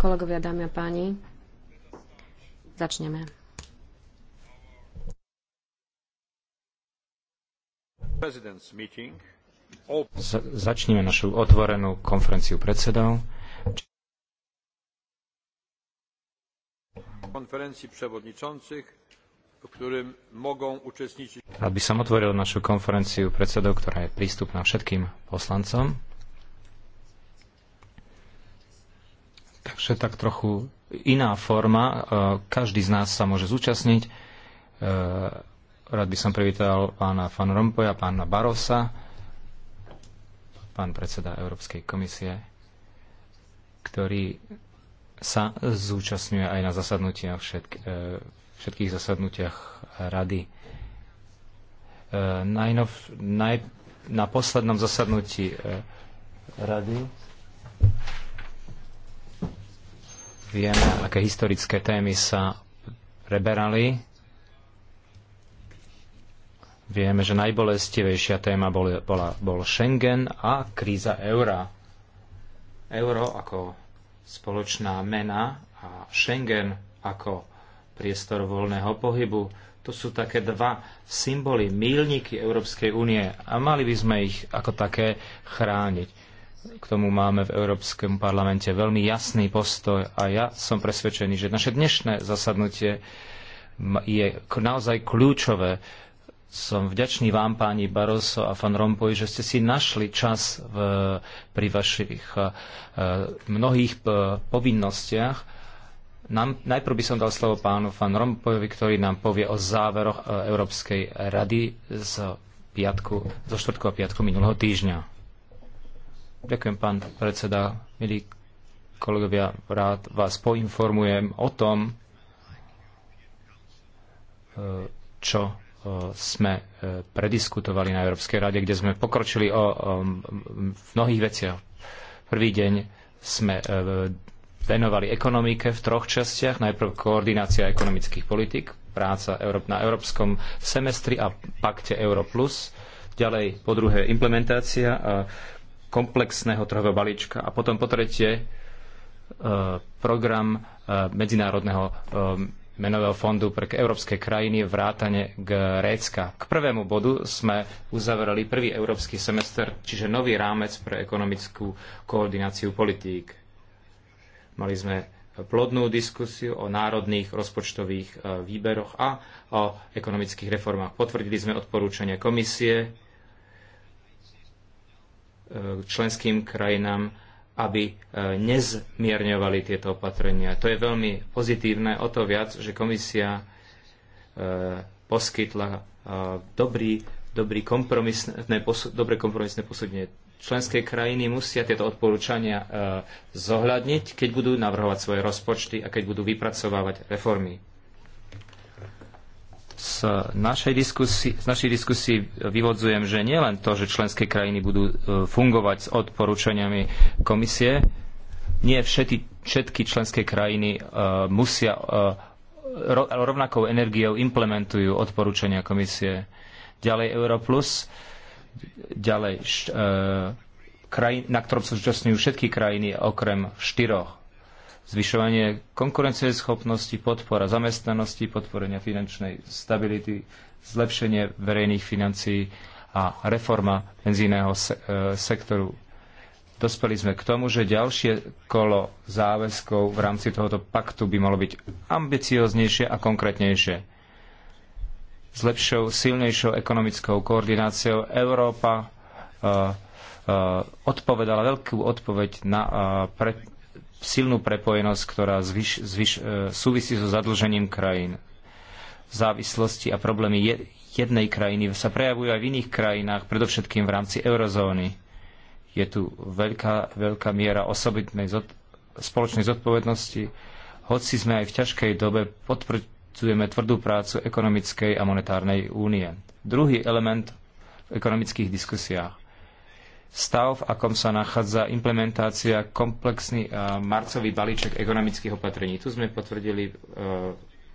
Kolegovia, dámy a páni, začneme. Začneme našu otvorenú konferenciu predsedov. Konferencji przewodniczących Rád by som otvoril našu konferenciu predsedov, ktorá je prístupná všetkým poslancom. že tak trochu iná forma. E, každý z nás sa môže zúčastniť. E, rád by som privítal pána Van Rompoja, pána Barosa, pán predseda Európskej komisie, ktorý sa zúčastňuje aj na zasadnutiach všetk, e, všetkých zasadnutiach rady. Najnov, naj, na poslednom zasadnutí rady Vieme, aké historické témy sa preberali. Vieme, že najbolestivejšia téma bol, bola, bol Schengen a kríza eura. Euro ako spoločná mena a Schengen ako priestor voľného pohybu. To sú také dva symboly, mílniky Európskej únie a mali by sme ich ako také chrániť. K tomu máme v Európskom parlamente veľmi jasný postoj a ja som presvedčený, že naše dnešné zasadnutie je naozaj kľúčové. Som vďačný vám, páni Barroso a Van Rompuy, že ste si našli čas v, pri vašich eh, mnohých eh, povinnostiach. Nám, najprv by som dal slovo pánu Van Rompuyovi, ktorý nám povie o záveroch eh, Európskej rady z piatku, zo štvrtku a piatku minulého týždňa. Ďakujem, pán predseda. Milí kolegovia, rád vás poinformujem o tom, e, čo e, sme e, prediskutovali na Európskej rade, kde sme pokročili o, o v mnohých veciach. Prvý deň sme venovali ekonomike v troch častiach. Najprv koordinácia ekonomických politik, práca na európskom semestri a pakte Euro+. Ďalej, po druhé, implementácia a komplexného trhového balíčka. A potom po tretie, e, program e, Medzinárodného e, menového fondu pre európske krajiny vrátane Grécka. K prvému bodu sme uzavreli prvý európsky semester, čiže nový rámec pre ekonomickú koordináciu politík. Mali sme plodnú diskusiu o národných rozpočtových výberoch a o ekonomických reformách. Potvrdili sme odporúčania komisie, členským krajinám, aby e, nezmierňovali tieto opatrenia. To je veľmi pozitívne, o to viac, že komisia e, poskytla e, dobrý, dobrý kompromisné, dobre kompromisné posúdenie. Členské krajiny musia tieto odporúčania zohľadniť, keď budú navrhovať svoje rozpočty a keď budú vypracovávať reformy z našej, diskusie, z našej diskusie vyvodzujem, že nie len to, že členské krajiny budú e, fungovať s odporúčaniami komisie, nie všetky, všetky členské krajiny uh, musia uh, rovnakou energiou implementujú odporúčania komisie. Ďalej Europlus, ďalej uh, krajín, na ktorom sa zúčastňujú všetky krajiny okrem štyroch zvyšovanie konkurencieschopnosti, podpora zamestnanosti, podporenia finančnej stability, zlepšenie verejných financií a reforma penzijného se- e, sektoru. Dospeli sme k tomu, že ďalšie kolo záväzkov v rámci tohoto paktu by malo byť ambicioznejšie a konkrétnejšie. S lepšou, silnejšou ekonomickou koordináciou Európa uh, uh, odpovedala veľkú odpoveď na uh, pre, silnú prepojenosť, ktorá zvyš, zvyš, e, súvisí so zadlžením krajín. Závislosti a problémy jednej krajiny sa prejavujú aj v iných krajinách, predovšetkým v rámci eurozóny. Je tu veľká, veľká miera osobitnej zod, spoločnej zodpovednosti. Hoci sme aj v ťažkej dobe, potvrdzujeme tvrdú prácu ekonomickej a monetárnej únie. Druhý element v ekonomických diskusiách stav, v akom sa nachádza implementácia komplexný eh, marcový balíček ekonomických opatrení. Tu sme potvrdili eh,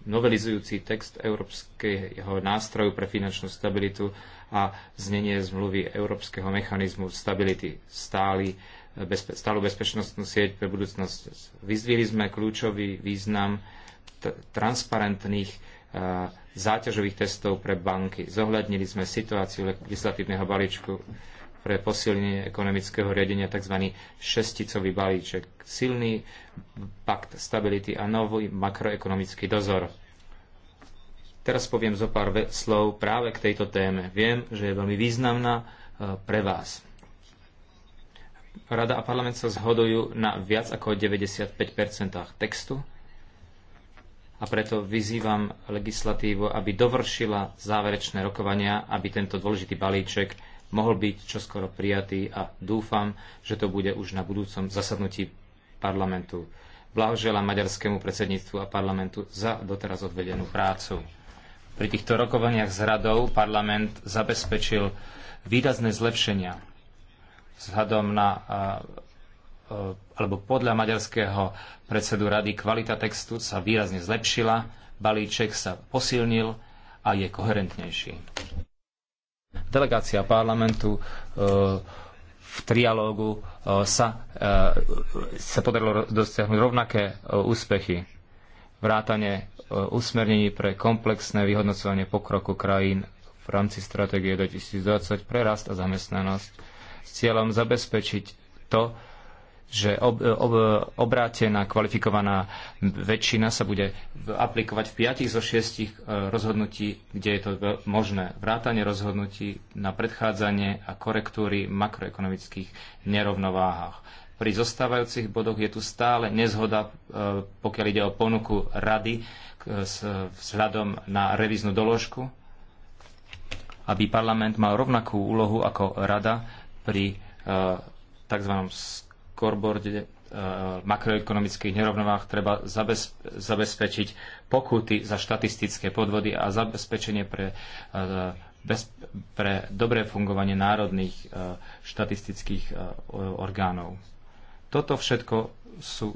novelizujúci text Európskeho nástroju pre finančnú stabilitu a znenie zmluvy Európskeho mechanizmu stability stály, eh, bezpe- stálu bezpečnostnú sieť pre budúcnosť. Vyzvili sme kľúčový význam transparentných záťažových testov pre banky. Zohľadnili sme situáciu legislatívneho balíčku pre posilnenie ekonomického riadenia tzv. šesticový balíček, silný pakt stability a nový makroekonomický dozor. Teraz poviem zo pár slov práve k tejto téme. Viem, že je veľmi významná e, pre vás. Rada a parlament sa zhodujú na viac ako 95 textu a preto vyzývam legislatívu, aby dovršila záverečné rokovania, aby tento dôležitý balíček mohol byť čoskoro prijatý a dúfam, že to bude už na budúcom zasadnutí parlamentu. Blahoželám maďarskému predsedníctvu a parlamentu za doteraz odvedenú prácu. Pri týchto rokovaniach s radou parlament zabezpečil výrazné zlepšenia vzhľadom na alebo podľa maďarského predsedu rady kvalita textu sa výrazne zlepšila, balíček sa posilnil a je koherentnejší. Delegácia parlamentu e, v trialógu e, sa, e, sa podarilo dosiahnuť rovnaké úspechy. Vrátanie usmernení pre komplexné vyhodnocovanie pokroku krajín v rámci stratégie 2020 pre rast a zamestnanosť s cieľom zabezpečiť to, že ob, ob, obrátená kvalifikovaná väčšina sa bude aplikovať v 5 zo 6 e, rozhodnutí, kde je to možné. Vrátanie rozhodnutí na predchádzanie a korektúry makroekonomických nerovnováhach. Pri zostávajúcich bodoch je tu stále nezhoda, e, pokiaľ ide o ponuku rady e, s vzhľadom na revíznu doložku, aby parlament mal rovnakú úlohu ako rada pri tzv scoreboarde makroekonomických nerovnovách treba zabezpečiť pokuty za štatistické podvody a zabezpečenie pre, e, bez, pre dobré fungovanie národných e, štatistických e, orgánov. Toto všetko sú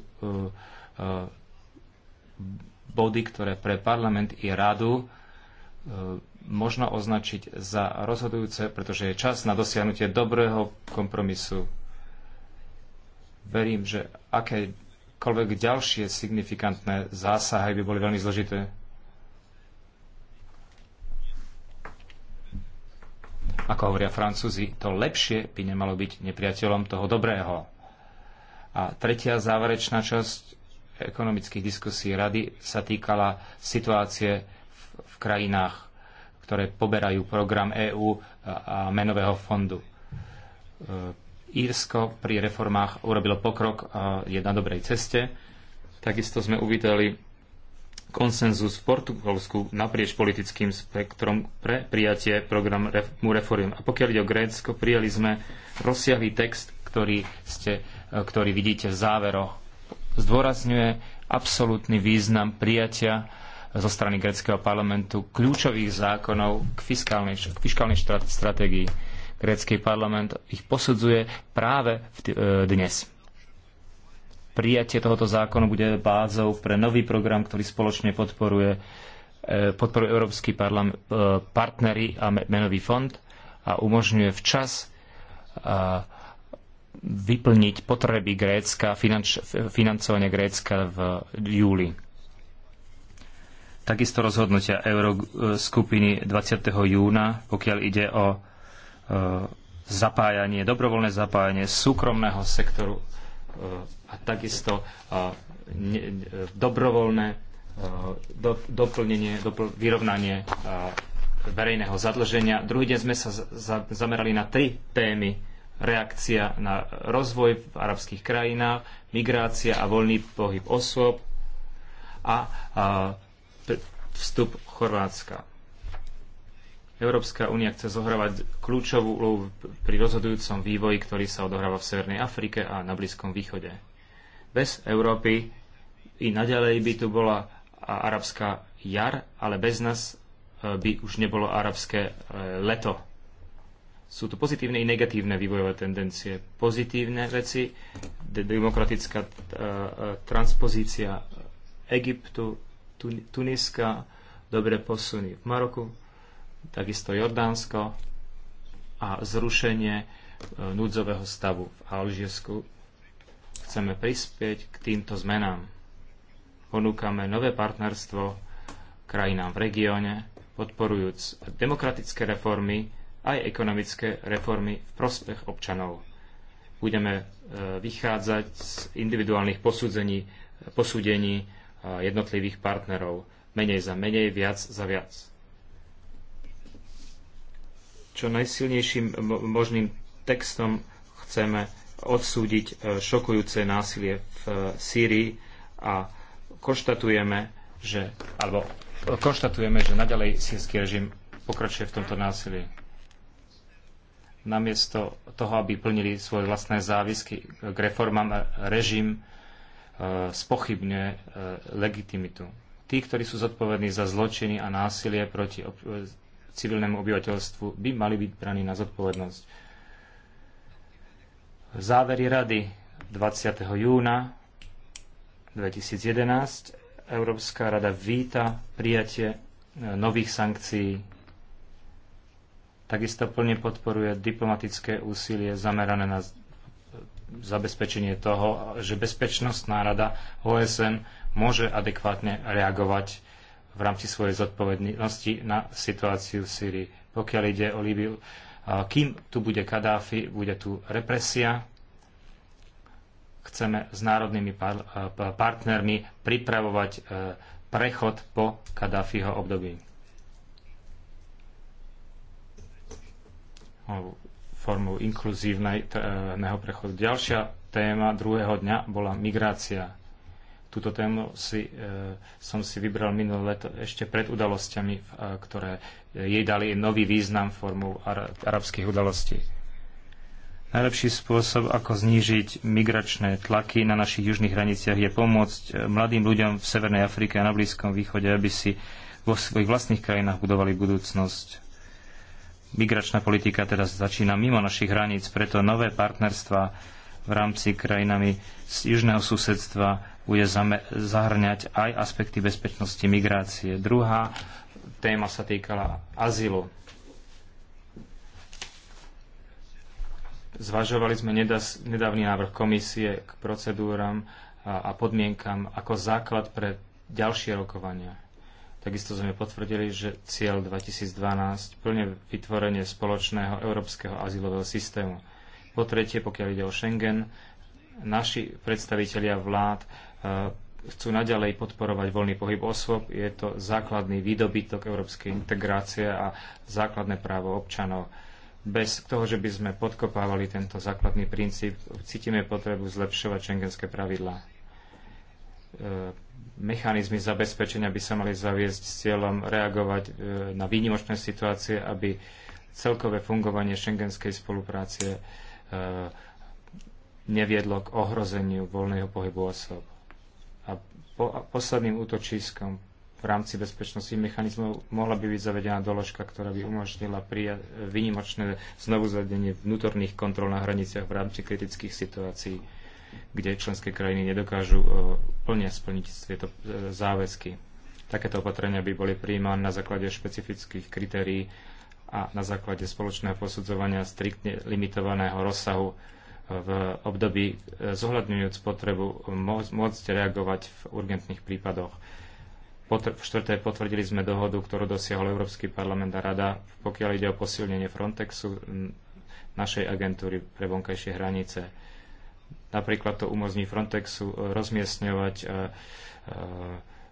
body, ktoré pre parlament i radu možno označiť za rozhodujúce, pretože je čas na dosiahnutie dobrého kompromisu Verím, že akékoľvek ďalšie signifikantné zásahy by boli veľmi zložité. Ako hovoria Francúzi, to lepšie by nemalo byť nepriateľom toho dobrého. A tretia záverečná časť ekonomických diskusí rady sa týkala situácie v, v krajinách, ktoré poberajú program EÚ a, a menového fondu. E, Írsko pri reformách urobilo pokrok a je na dobrej ceste. Takisto sme uvideli konsenzus v Portugalsku naprieč politickým spektrom pre prijatie programu reforiem. A pokiaľ ide o Grécko, prijali sme rozsiahlý text, ktorý, ste, e, ktorý vidíte v záveroch. Zdôrazňuje absolútny význam prijatia zo strany gréckého parlamentu kľúčových zákonov k fiskálnej, k fiskálnej štrat, stratégii Grécky parlament ich posudzuje práve e, dnes. Prijatie tohoto zákonu bude bázou pre nový program, ktorý spoločne podporuje, e, podporuje Európsky e, partnery a menový fond a umožňuje včas vyplniť potreby Grécka, finanč, financovanie Grécka v júli. Takisto rozhodnutia Euroskupiny 20. júna, pokiaľ ide o E, zapájanie, dobrovoľné zapájanie súkromného sektoru e, a takisto e, dobrovoľné doplnenie, dopl vyrovnanie verejného zadlženia. Druhý deň sme sa zamerali na tri témy. Reakcia na rozvoj v arabských krajinách, migrácia a voľný pohyb osôb a, a vstup Chorvátska. Európska únia chce zohrávať kľúčovú úlohu pri rozhodujúcom vývoji, ktorý sa odohráva v Severnej Afrike a na Blízkom východe. Bez Európy i naďalej by tu bola arabská jar, ale bez nás e, by už nebolo arabské e, leto. Sú tu pozitívne i negatívne vývojové tendencie. Pozitívne veci, demokratická e, transpozícia Egyptu, Tuniska, dobre posuny v Maroku, takisto Jordánsko a zrušenie e, núdzového stavu v Alžírsku. Chceme prispieť k týmto zmenám. Ponúkame nové partnerstvo krajinám v regióne, podporujúc demokratické reformy aj ekonomické reformy v prospech občanov. Budeme e, vychádzať z individuálnych e, posúdení jednotlivých partnerov. Menej za menej, viac za viac čo najsilnejším možným textom chceme odsúdiť e, šokujúce násilie v e, Sýrii a konštatujeme, že, alebo e, konštatujeme, že naďalej sírsky režim pokračuje v tomto násilí. Namiesto toho, aby plnili svoje vlastné závisky k reformám, režim spochybňuje legitimitu. Tí, ktorí sú zodpovední za zločiny a násilie proti civilnému obyvateľstvu by mali byť braní na zodpovednosť. Závery rady 20. júna 2011 Európska rada víta prijatie e, nových sankcií. Takisto plne podporuje diplomatické úsilie zamerané na e, zabezpečenie toho, že Bezpečnostná rada OSN môže adekvátne reagovať v rámci svojej zodpovednosti na situáciu v Sýrii. Pokiaľ ide o Líbiu, kým tu bude Kadáfi, bude tu represia. Chceme s národnými par- partnermi pripravovať e, prechod po Kadáfiho období. formou inkluzívneho e, prechodu. Ďalšia téma druhého dňa bola migrácia Túto tému si, e, som si vybral minulé leto ešte pred udalosťami, e, ktoré jej dali nový význam formou arabských udalostí. Najlepší spôsob, ako znížiť migračné tlaky na našich južných hraniciach, je pomôcť e, mladým ľuďom v Severnej Afrike a na Blízkom východe, aby si vo svojich vlastných krajinách budovali budúcnosť. Migračná politika teda začína mimo našich hraníc, preto nové partnerstva v rámci krajinami z južného susedstva bude zahrňať aj aspekty bezpečnosti migrácie. Druhá téma sa týkala azylu. Zvažovali sme nedávny návrh komisie k procedúram a podmienkam ako základ pre ďalšie rokovania. Takisto sme potvrdili, že cieľ 2012 plne vytvorenie spoločného európskeho azylového systému. Po tretie, pokiaľ ide o Schengen, naši predstavitelia vlád chcú naďalej podporovať voľný pohyb osôb. Je to základný výdobytok európskej integrácie a základné právo občanov. Bez toho, že by sme podkopávali tento základný princíp, cítime potrebu zlepšovať šengenské pravidlá. E, mechanizmy zabezpečenia by sa mali zaviesť s cieľom reagovať e, na výnimočné situácie, aby celkové fungovanie šengenskej spolupráce e, neviedlo k ohrozeniu voľného pohybu osôb a, po, a posledným útočiskom v rámci bezpečnosti mechanizmov mohla by byť zavedená doložka, ktorá by umožnila prija- vynimočné znovuzadenie vnútorných kontrol na hraniciach v rámci kritických situácií, kde členské krajiny nedokážu e, plne splniť tieto e, záväzky. Takéto opatrenia by boli prijímané na základe špecifických kritérií a na základe spoločného posudzovania striktne limitovaného rozsahu v období e, zohľadňujúc potrebu môcť reagovať v urgentných prípadoch. v štvrté potvrdili sme dohodu, ktorú dosiahol Európsky parlament a Rada, pokiaľ ide o posilnenie Frontexu, našej agentúry pre vonkajšie hranice. Napríklad to umožní Frontexu e, rozmiestňovať e,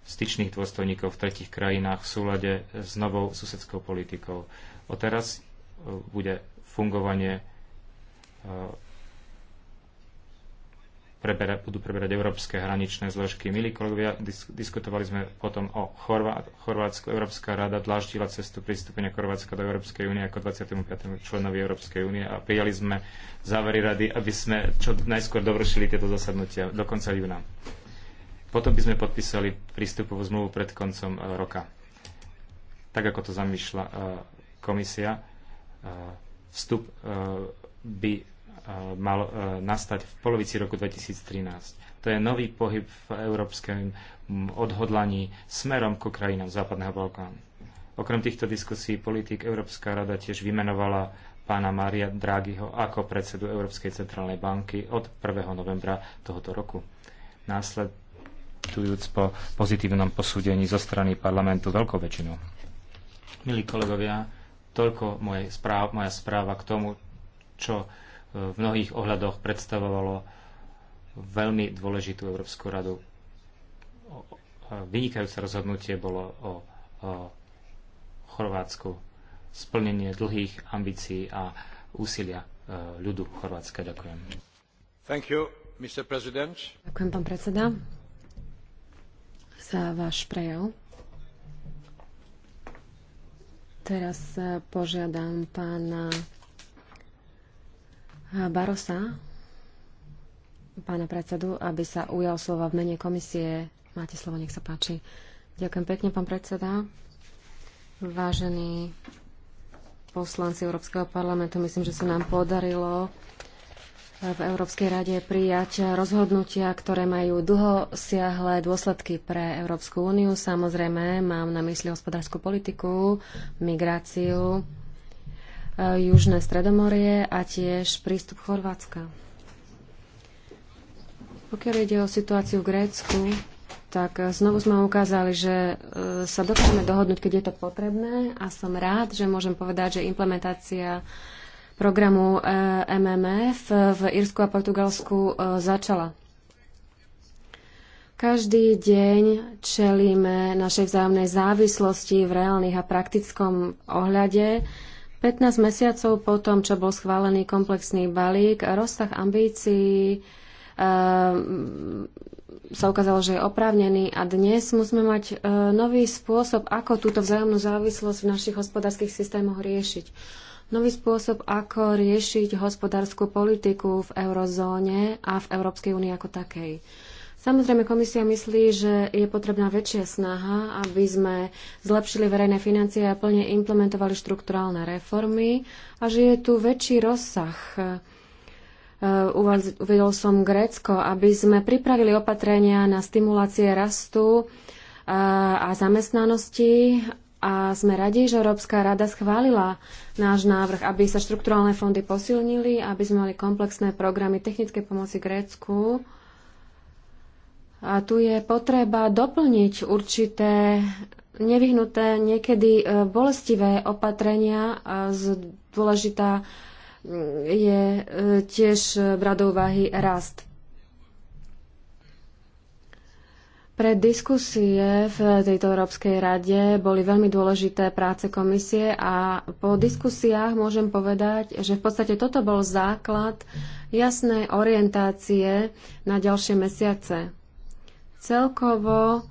styčných dôstojníkov v tretich krajinách v súlade s novou susedskou politikou. Od teraz bude fungovanie prebera, budú preberať európske hraničné zložky. Milí kolegovia, dis, diskutovali sme potom o Chorvá, Chorvátsku. Európska rada dláždila cestu pristúpenia Chorvátska do Európskej únie ako 25. členovi Európskej únie a prijali sme závery rady, aby sme čo najskôr dovršili tieto zasadnutia do konca júna. Potom by sme podpísali prístupovú zmluvu pred koncom e, roka. Tak ako to zamýšľa e, komisia, e, vstup by Eh, mal eh, nastať v polovici roku 2013. To je nový pohyb v európskom mm, odhodlaní smerom ku krajinám Západného Balkánu. Okrem týchto diskusí politik Európska rada tiež vymenovala pána Maria Draghiho ako predsedu Európskej centrálnej banky od 1. novembra tohoto roku. Následujúc po pozitívnom posúdení zo strany parlamentu veľkou väčšinou. Milí kolegovia, toľko moje správ, moja správa k tomu, čo v mnohých ohľadoch predstavovalo veľmi dôležitú Európsku radu. Vynikajúce rozhodnutie bolo o, o Chorvátsku, splnenie dlhých ambícií a úsilia e, ľudu Chorvátska. Ďakujem. Thank you, Mr. President. Ďakujem, pán predseda, za váš prejav. Teraz e, požiadam pána Barosa, pána predsedu, aby sa ujal slova v mene komisie. Máte slovo, nech sa páči. Ďakujem pekne, pán predseda. Vážení poslanci Európskeho parlamentu, myslím, že sa nám podarilo v Európskej rade prijať rozhodnutia, ktoré majú dlhosiahle dôsledky pre Európsku úniu. Samozrejme, mám na mysli hospodárskú politiku, migráciu, Eh, Južné Stredomorie a tiež prístup Chorvátska. Pokiaľ ide o situáciu v Grécku, tak eh, znovu sme ukázali, že eh, sa dokážeme dohodnúť, keď je to potrebné a som rád, že môžem povedať, že implementácia programu MMF v Irsku a Portugalsku začala. Každý deň čelíme našej vzájomnej závislosti v reálnych a praktickom ohľade 15 mesiacov po tom, čo bol schválený komplexný balík, rozsah ambícií e, sa ukázalo, že je oprávnený a dnes musíme mať e, nový spôsob, ako túto vzájomnú závislosť v našich hospodárskych systémoch riešiť. Nový spôsob, ako riešiť hospodárskú politiku v eurozóne a v Európskej únii ako takej. Samozrejme, komisia myslí, že je potrebná väčšia snaha, aby sme zlepšili verejné financie a plne implementovali štrukturálne reformy a že je tu väčší rozsah. Uh, uvedol som Grécko, aby sme pripravili opatrenia na stimulácie rastu uh, a zamestnanosti a sme radi, že Európska rada schválila náš návrh, aby sa štrukturálne fondy posilnili, aby sme mali komplexné programy technickej pomoci Grécku a tu je potreba doplniť určité nevyhnuté, niekedy e, bolestivé opatrenia a dôležitá mm, je e, tiež e, brať do rast. Pre diskusie v tejto Európskej rade boli veľmi dôležité práce komisie a po diskusiách môžem povedať, že v podstate toto bol základ jasnej orientácie na ďalšie mesiace. Celkovo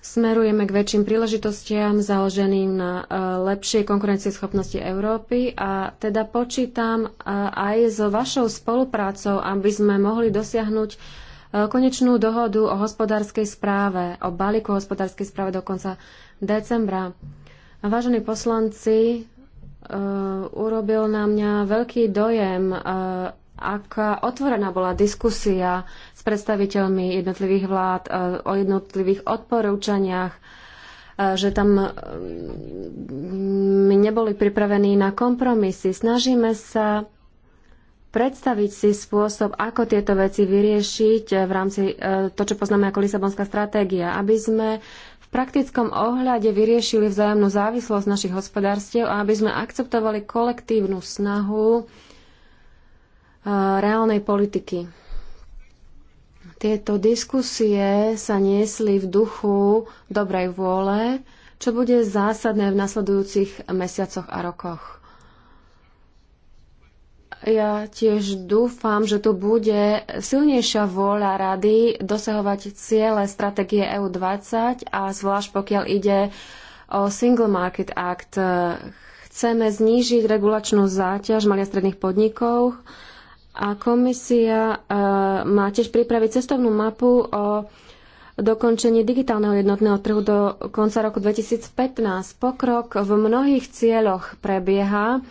smerujeme k väčším príležitostiam založeným na e, lepšej konkurencieschopnosti Európy a teda počítam e, aj so vašou spoluprácou, aby sme mohli dosiahnuť e, konečnú dohodu o hospodárskej správe, o balíku hospodárskej správe do konca decembra. Vážení poslanci, urobil na mňa veľký dojem aká otvorená bola diskusia s predstaviteľmi jednotlivých vlád e, o jednotlivých odporúčaniach, e, že tam e, neboli pripravení na kompromisy. Snažíme sa predstaviť si spôsob, ako tieto veci vyriešiť v rámci to, čo poznáme ako Lisabonská stratégia, aby sme v praktickom ohľade vyriešili vzájomnú závislosť našich hospodárstiev a aby sme akceptovali kolektívnu snahu reálnej politiky. Tieto diskusie sa niesli v duchu dobrej vôle, čo bude zásadné v nasledujúcich mesiacoch a rokoch. Ja tiež dúfam, že tu bude silnejšia vôľa rady dosahovať ciele stratégie EU20 a zvlášť pokiaľ ide o Single Market Act. Chceme znížiť regulačnú záťaž malých stredných podnikov, a komisia e, má tiež pripraviť cestovnú mapu o dokončení digitálneho jednotného trhu do konca roku 2015. Pokrok v mnohých cieľoch prebieha,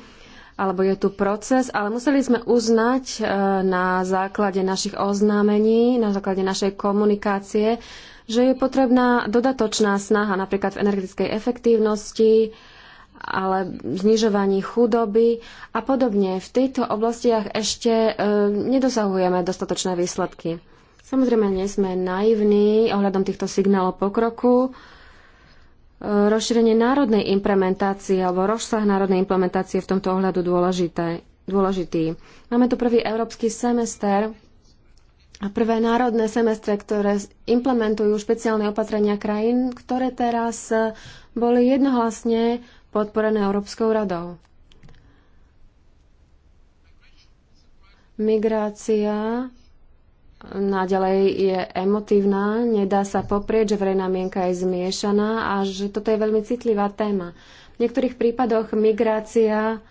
alebo je tu proces, ale museli sme uznať e, na základe našich oznámení, na základe našej komunikácie, že je potrebná dodatočná snaha napríklad v energetickej efektívnosti, ale znižovaní chudoby a podobne. V týchto oblastiach ešte e, nedosahujeme dostatočné výsledky. Samozrejme, nie sme naivní ohľadom týchto signálov pokroku. E, rozšírenie národnej implementácie alebo rozsah národnej implementácie je v tomto ohľadu dôležité, dôležitý. Máme tu prvý európsky semester a prvé národné semestre, ktoré implementujú špeciálne opatrenia krajín, ktoré teraz boli jednohlasne podporené Európskou radou. Migrácia naďalej je emotívna, nedá sa poprieť, že verejná mienka je zmiešaná a že toto je veľmi citlivá téma. V niektorých prípadoch migrácia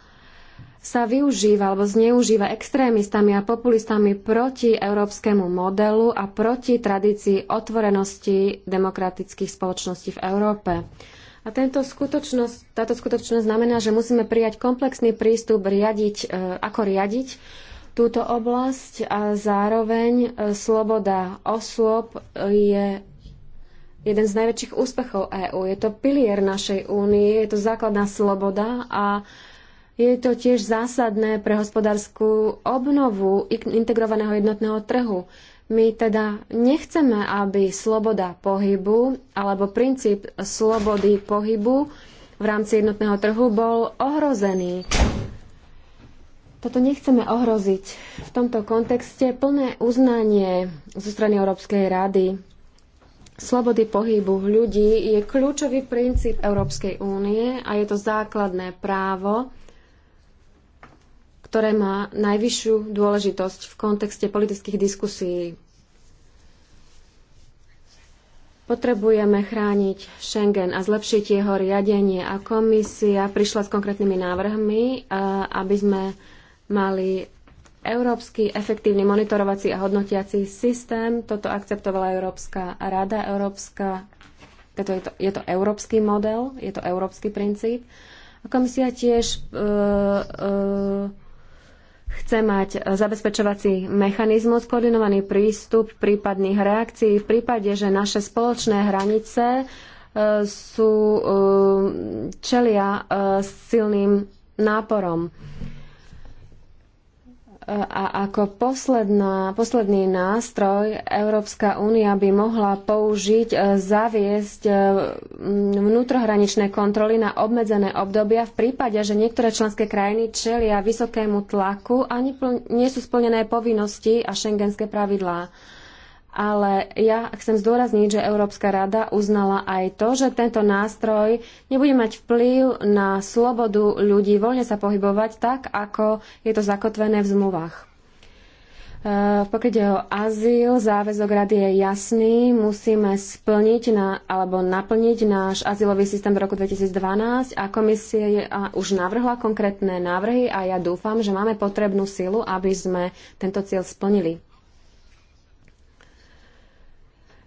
sa využíva alebo zneužíva extrémistami a populistami proti európskemu modelu a proti tradícii otvorenosti demokratických spoločností v Európe. A tento skutočnosť, táto skutočnosť znamená, že musíme prijať komplexný prístup, riadiť, e, ako riadiť túto oblasť a zároveň e, sloboda osôb je jeden z najväčších úspechov EÚ. Je to pilier našej únie, je to základná sloboda a je to tiež zásadné pre hospodárskú obnovu integrovaného jednotného trhu. My teda nechceme, aby sloboda pohybu alebo princíp slobody pohybu v rámci jednotného trhu bol ohrozený. Toto nechceme ohroziť. V tomto kontexte plné uznanie zo strany Európskej rady slobody pohybu ľudí je kľúčový princíp Európskej únie a je to základné právo ktoré má najvyššiu dôležitosť v kontexte politických diskusí. Potrebujeme chrániť Schengen a zlepšiť jeho riadenie a komisia prišla s konkrétnymi návrhmi, aby sme mali Európsky efektívny monitorovací a hodnotiací systém. Toto akceptovala Európska rada, Európska, toto je, to, je to európsky model, je to európsky princíp. A komisia tiež e, e, chce mať zabezpečovací mechanizmus, koordinovaný prístup prípadných reakcií v prípade, že naše spoločné hranice e, sú e, čelia e, silným náporom. A ako posledná, posledný nástroj Európska únia by mohla použiť e, zaviesť e, vnútrohraničné kontroly na obmedzené obdobia v prípade, že niektoré členské krajiny čelia vysokému tlaku a nie sú splnené povinnosti a šengenské pravidlá ale ja chcem zdôrazniť, že Európska rada uznala aj to, že tento nástroj nebude mať vplyv na slobodu ľudí voľne sa pohybovať tak, ako je to zakotvené v zmluvách. E, pokiaľ ide o azyl, záväzok rady je jasný. Musíme splniť na, alebo naplniť náš azylový systém v roku 2012 a komisie už navrhla konkrétne návrhy a ja dúfam, že máme potrebnú silu, aby sme tento cieľ splnili.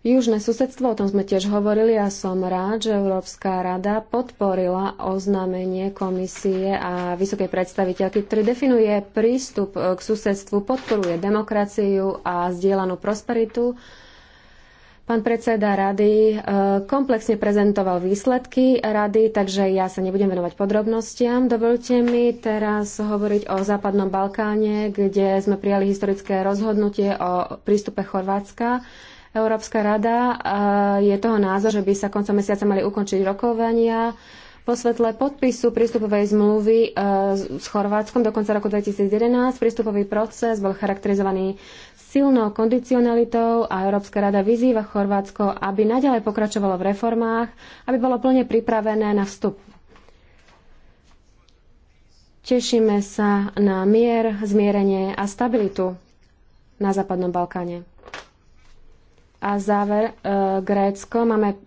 Južné susedstvo, o tom sme tiež hovorili a som rád, že Európska rada podporila oznámenie komisie a vysokej predstaviteľky, ktorý definuje prístup k susedstvu, podporuje demokraciu a zdieľanú prosperitu. Pán predseda rady e, komplexne prezentoval výsledky rady, takže ja sa nebudem venovať podrobnostiam. Dovolte mi teraz hovoriť o Západnom Balkáne, kde sme prijali historické rozhodnutie o prístupe Chorvátska Európska rada je toho názor, že by sa koncom mesiaca mali ukončiť rokovania po svetle podpisu prístupovej zmluvy e, s Chorvátskom do konca roku 2011 prístupový proces bol charakterizovaný silnou kondicionalitou a Európska rada vyzýva Chorvátsko, aby naďalej pokračovalo v reformách, aby bolo plne pripravené na vstup. Tešíme sa na mier, zmierenie a stabilitu na Západnom Balkáne. A záver, e, Grécko. Máme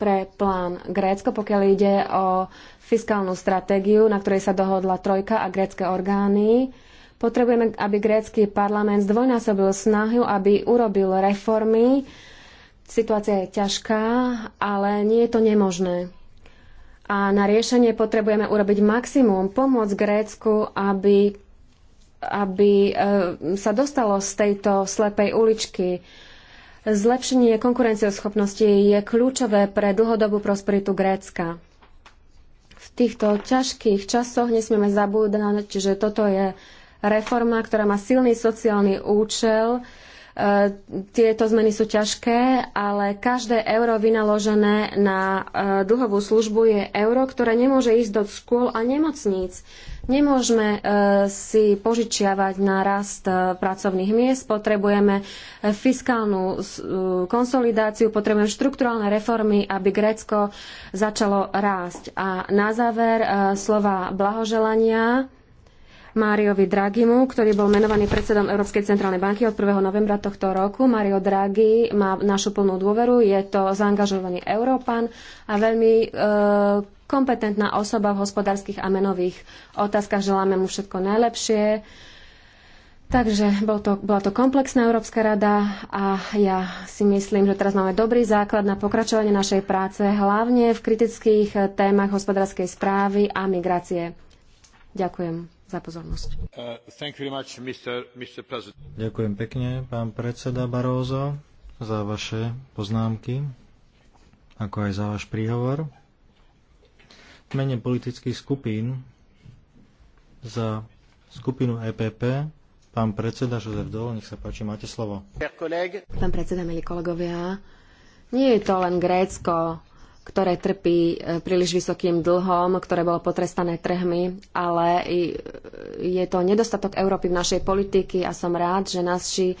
pre plán Grécko, pokiaľ ide o fiskálnu stratégiu, na ktorej sa dohodla Trojka a grécké orgány. Potrebujeme, aby grécky parlament zdvojnásobil snahu, aby urobil reformy. Situácia je ťažká, ale nie je to nemožné. A na riešenie potrebujeme urobiť maximum, pomôcť Grécku, aby, aby e, sa dostalo z tejto slepej uličky Zlepšenie konkurencioschopnosti je kľúčové pre dlhodobú prosperitu Grécka. V týchto ťažkých časoch nesmieme zabúdať, že toto je reforma, ktorá má silný sociálny účel. E, tieto zmeny sú ťažké, ale každé euro vynaložené na e, dlhovú službu je euro, ktoré nemôže ísť do škôl a nemocníc. Nemôžeme e, si požičiavať na rast e, pracovných miest, potrebujeme e, fiskálnu konsolidáciu, potrebujeme štrukturálne reformy, aby Grécko začalo rásť. A na záver slova blahoželania Máriovi Dragimu, ktorý bol menovaný predsedom Európskej centrálnej banky od 1. novembra tohto roku. Mario Draghi má našu plnú dôveru, je to zaangažovaný Európan a veľmi e, kompetentná osoba v hospodárskych a menových otázkach. Želáme mu všetko najlepšie. Takže bol to, bola to komplexná Európska rada a ja si myslím, že teraz máme dobrý základ na pokračovanie našej práce, hlavne v kritických témach hospodárskej správy a migrácie. Ďakujem za pozornosť. Uh, much, Mr., Mr. Ďakujem pekne, pán predseda Barózo, za vaše poznámky, ako aj za váš príhovor mene politických skupín za skupinu EPP pán predseda Žozef Dol, nech sa páči, máte slovo. Pán predseda, milí kolegovia, nie je to len Grécko, ktoré trpí e, príliš vysokým dlhom, ktoré bolo potrestané trhmi, ale e, je to nedostatok Európy v našej politiky a som rád, že naši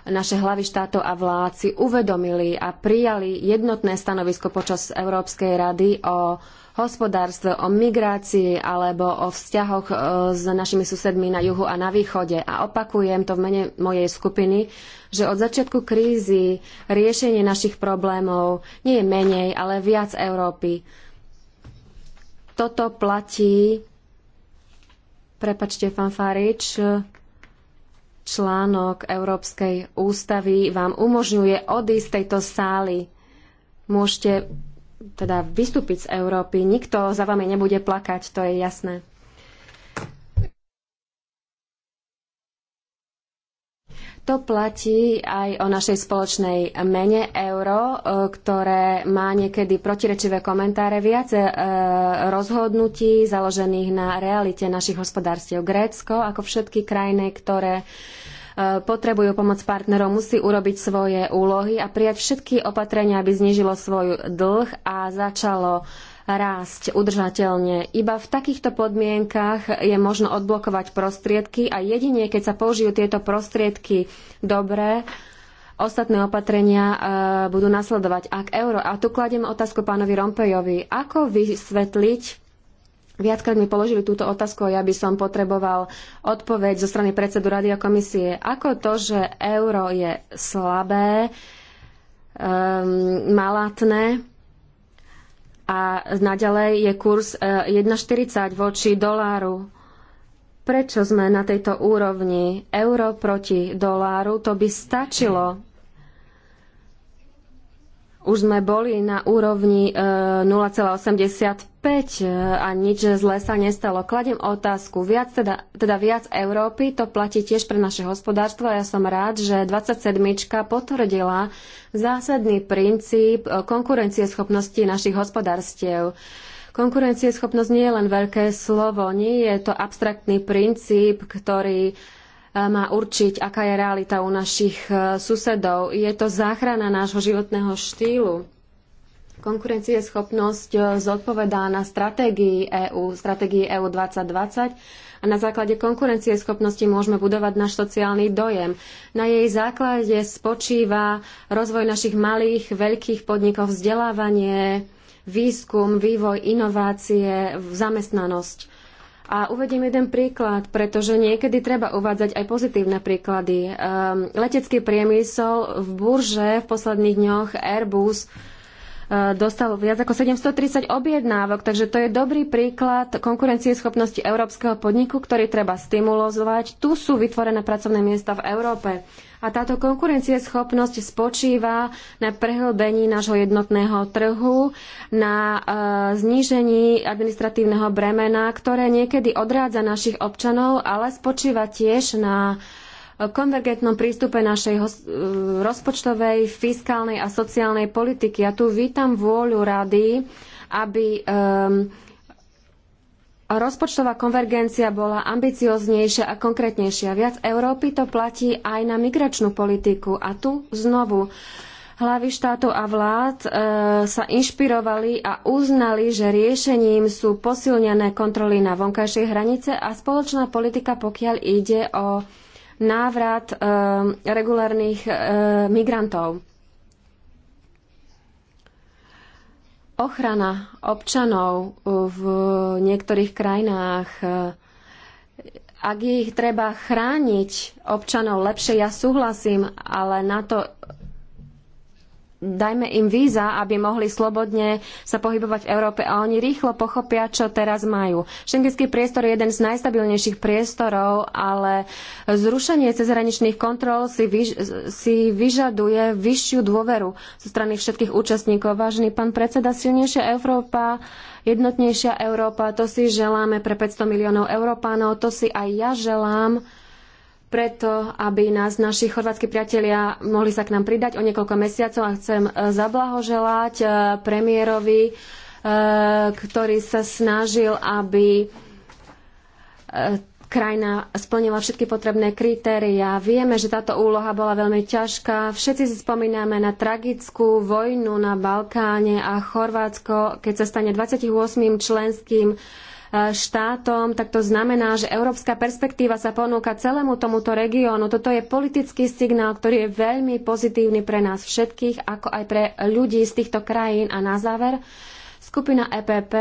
naše hlavy štátov a vláci uvedomili a prijali jednotné stanovisko počas Európskej rady o hospodárstve, o migrácii alebo o vzťahoch e, s našimi susedmi na juhu a na východe. A opakujem to v mene mojej skupiny, že od začiatku krízy riešenie našich problémov nie je menej, ale viac Európy. Toto platí, prepačte, fanfárič, článok Európskej ústavy vám umožňuje odísť z tejto sály. Môžete teda vystúpiť z Európy. Nikto za vami nebude plakať, to je jasné. To platí aj o našej spoločnej mene euro, e, ktoré má niekedy protirečivé komentáre, viac e, rozhodnutí založených na realite našich hospodárstiev. Grécko, ako všetky krajiny, ktoré E, potrebujú pomoc partnerov, musí urobiť svoje úlohy a prijať všetky opatrenia, aby znížilo svoj dlh a začalo rásť udržateľne. Iba v takýchto podmienkach je možno odblokovať prostriedky a jedine, keď sa použijú tieto prostriedky dobre, ostatné opatrenia e, budú nasledovať. Ak euro, a tu kladiem otázku pánovi Rompejovi, ako vysvetliť Viackrát mi položili túto otázku a ja by som potreboval odpoveď zo strany predsedu Rady a komisie. Ako to, že euro je slabé, um, malatné a naďalej je kurz 1,40 e, voči doláru. Prečo sme na tejto úrovni euro proti doláru? To by stačilo už sme boli na úrovni 0,85 e, e, a nič zlé sa nestalo. Kladem otázku, viac, teda, teda viac Európy, to platí tiež pre naše hospodárstvo a ja som rád, že 27. potvrdila zásadný princíp e, konkurencieschopnosti našich hospodárstiev. Konkurencieschopnosť nie je len veľké slovo, nie je to abstraktný princíp, ktorý uh, E, má určiť, aká je realita u našich e, susedov. Je to záchrana nášho životného štýlu. Konkurencieschopnosť e, zodpovedá na stratégii EÚ, stratégii EÚ 2020 a na základe konkurencieschopnosti môžeme budovať náš sociálny dojem. Na jej základe spočíva rozvoj našich malých, veľkých podnikov, vzdelávanie, výskum, vývoj, inovácie, zamestnanosť. A uvediem jeden príklad, pretože niekedy treba uvádzať aj pozitívne príklady. Ehm, letecký priemysel v burže v posledných dňoch Airbus e, dostal viac ako 730 objednávok, takže to je dobrý príklad konkurencieschopnosti európskeho podniku, ktorý treba stimulovať. Tu sú vytvorené pracovné miesta v Európe. A táto konkurencieschopnosť spočíva na prehlbení nášho jednotného trhu, na e, znížení administratívneho bremena, ktoré niekedy odrádza našich občanov, ale spočíva tiež na e, konvergentnom prístupe našej e, rozpočtovej, fiskálnej a sociálnej politiky. A ja tu vítam vôľu rady, aby um, rozpočtová konvergencia bola ambicioznejšia a konkrétnejšia. Viac Európy to platí aj na migračnú politiku. A tu znovu hlavy štátov a vlád e, sa inšpirovali a uznali, že riešením sú posilnené kontroly na vonkajšej hranice a spoločná politika, pokiaľ ide o návrat e, regulárnych e, migrantov. Ochrana občanov uh, v niektorých krajinách, uh, ak ich treba chrániť občanov lepšie, ja súhlasím, ale na to dajme im víza, aby mohli slobodne sa pohybovať v Európe a oni rýchlo pochopia, čo teraz majú. Šengenský priestor je jeden z najstabilnejších priestorov, ale zrušenie cezhraničných kontrol si, vyž- si vyžaduje vyššiu dôveru zo strany všetkých účastníkov. Vážený pán predseda, silnejšia Európa, jednotnejšia Európa, to si želáme pre 500 miliónov Európanov, to si aj ja želám preto, aby nás naši chorvátsky priatelia mohli sa k nám pridať o niekoľko mesiacov a chcem e, zablahoželať e, premiérovi, e, ktorý sa snažil, aby krajina splnila všetky potrebné kritériá. Vieme, že táto úloha bola veľmi ťažká. Všetci si spomíname na tragickú vojnu na Balkáne a Chorvátsko, keď sa stane 28. členským štátom, tak to znamená, že európska perspektíva sa ponúka celému tomuto regiónu. Toto je politický signál, ktorý je veľmi pozitívny pre nás všetkých, ako aj pre ľudí z týchto krajín. A na záver, skupina EPP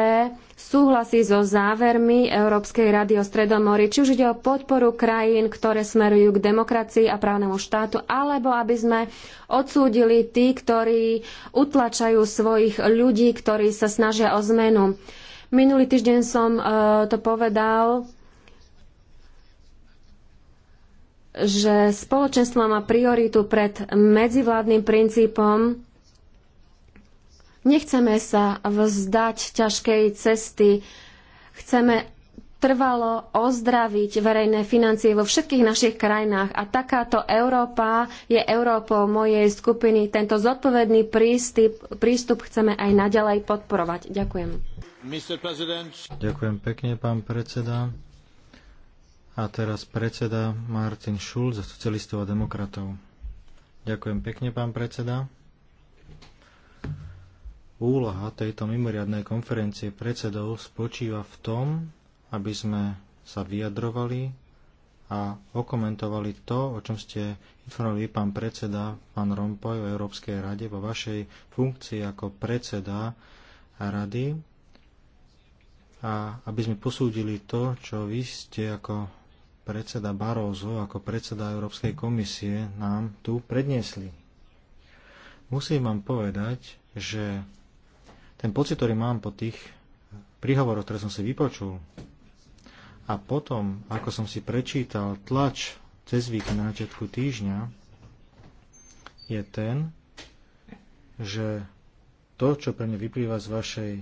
súhlasí so závermi Európskej rady o Stredomori, či už ide o podporu krajín, ktoré smerujú k demokracii a právnemu štátu, alebo aby sme odsúdili tí, ktorí utlačajú svojich ľudí, ktorí sa snažia o zmenu. Minulý týždeň som e, to povedal, že spoločenstvo má prioritu pred medzivládnym princípom. Nechceme sa vzdať ťažkej cesty. Chceme trvalo ozdraviť verejné financie vo všetkých našich krajinách. A takáto Európa je Európou mojej skupiny. Tento zodpovedný prístup, prístup chceme aj naďalej podporovať. Ďakujem. Ďakujem pekne, pán predseda. A teraz predseda Martin Schulz za socialistov a demokratov. Ďakujem pekne, pán predseda. Úloha tejto mimoriadnej konferencie predsedov spočíva v tom, aby sme sa vyjadrovali a okomentovali to, o čom ste informovali pán predseda, pán Rompoj o Európskej rade, vo vašej funkcii ako predseda rady a aby sme posúdili to, čo vy ste ako predseda Barózo, ako predseda Európskej komisie nám tu predniesli. Musím vám povedať, že ten pocit, ktorý mám po tých príhovoroch, ktoré som si vypočul, a potom, ako som si prečítal tlač cez vík na začiatku týždňa, je ten, že to, čo pre mňa vyplýva z vašej,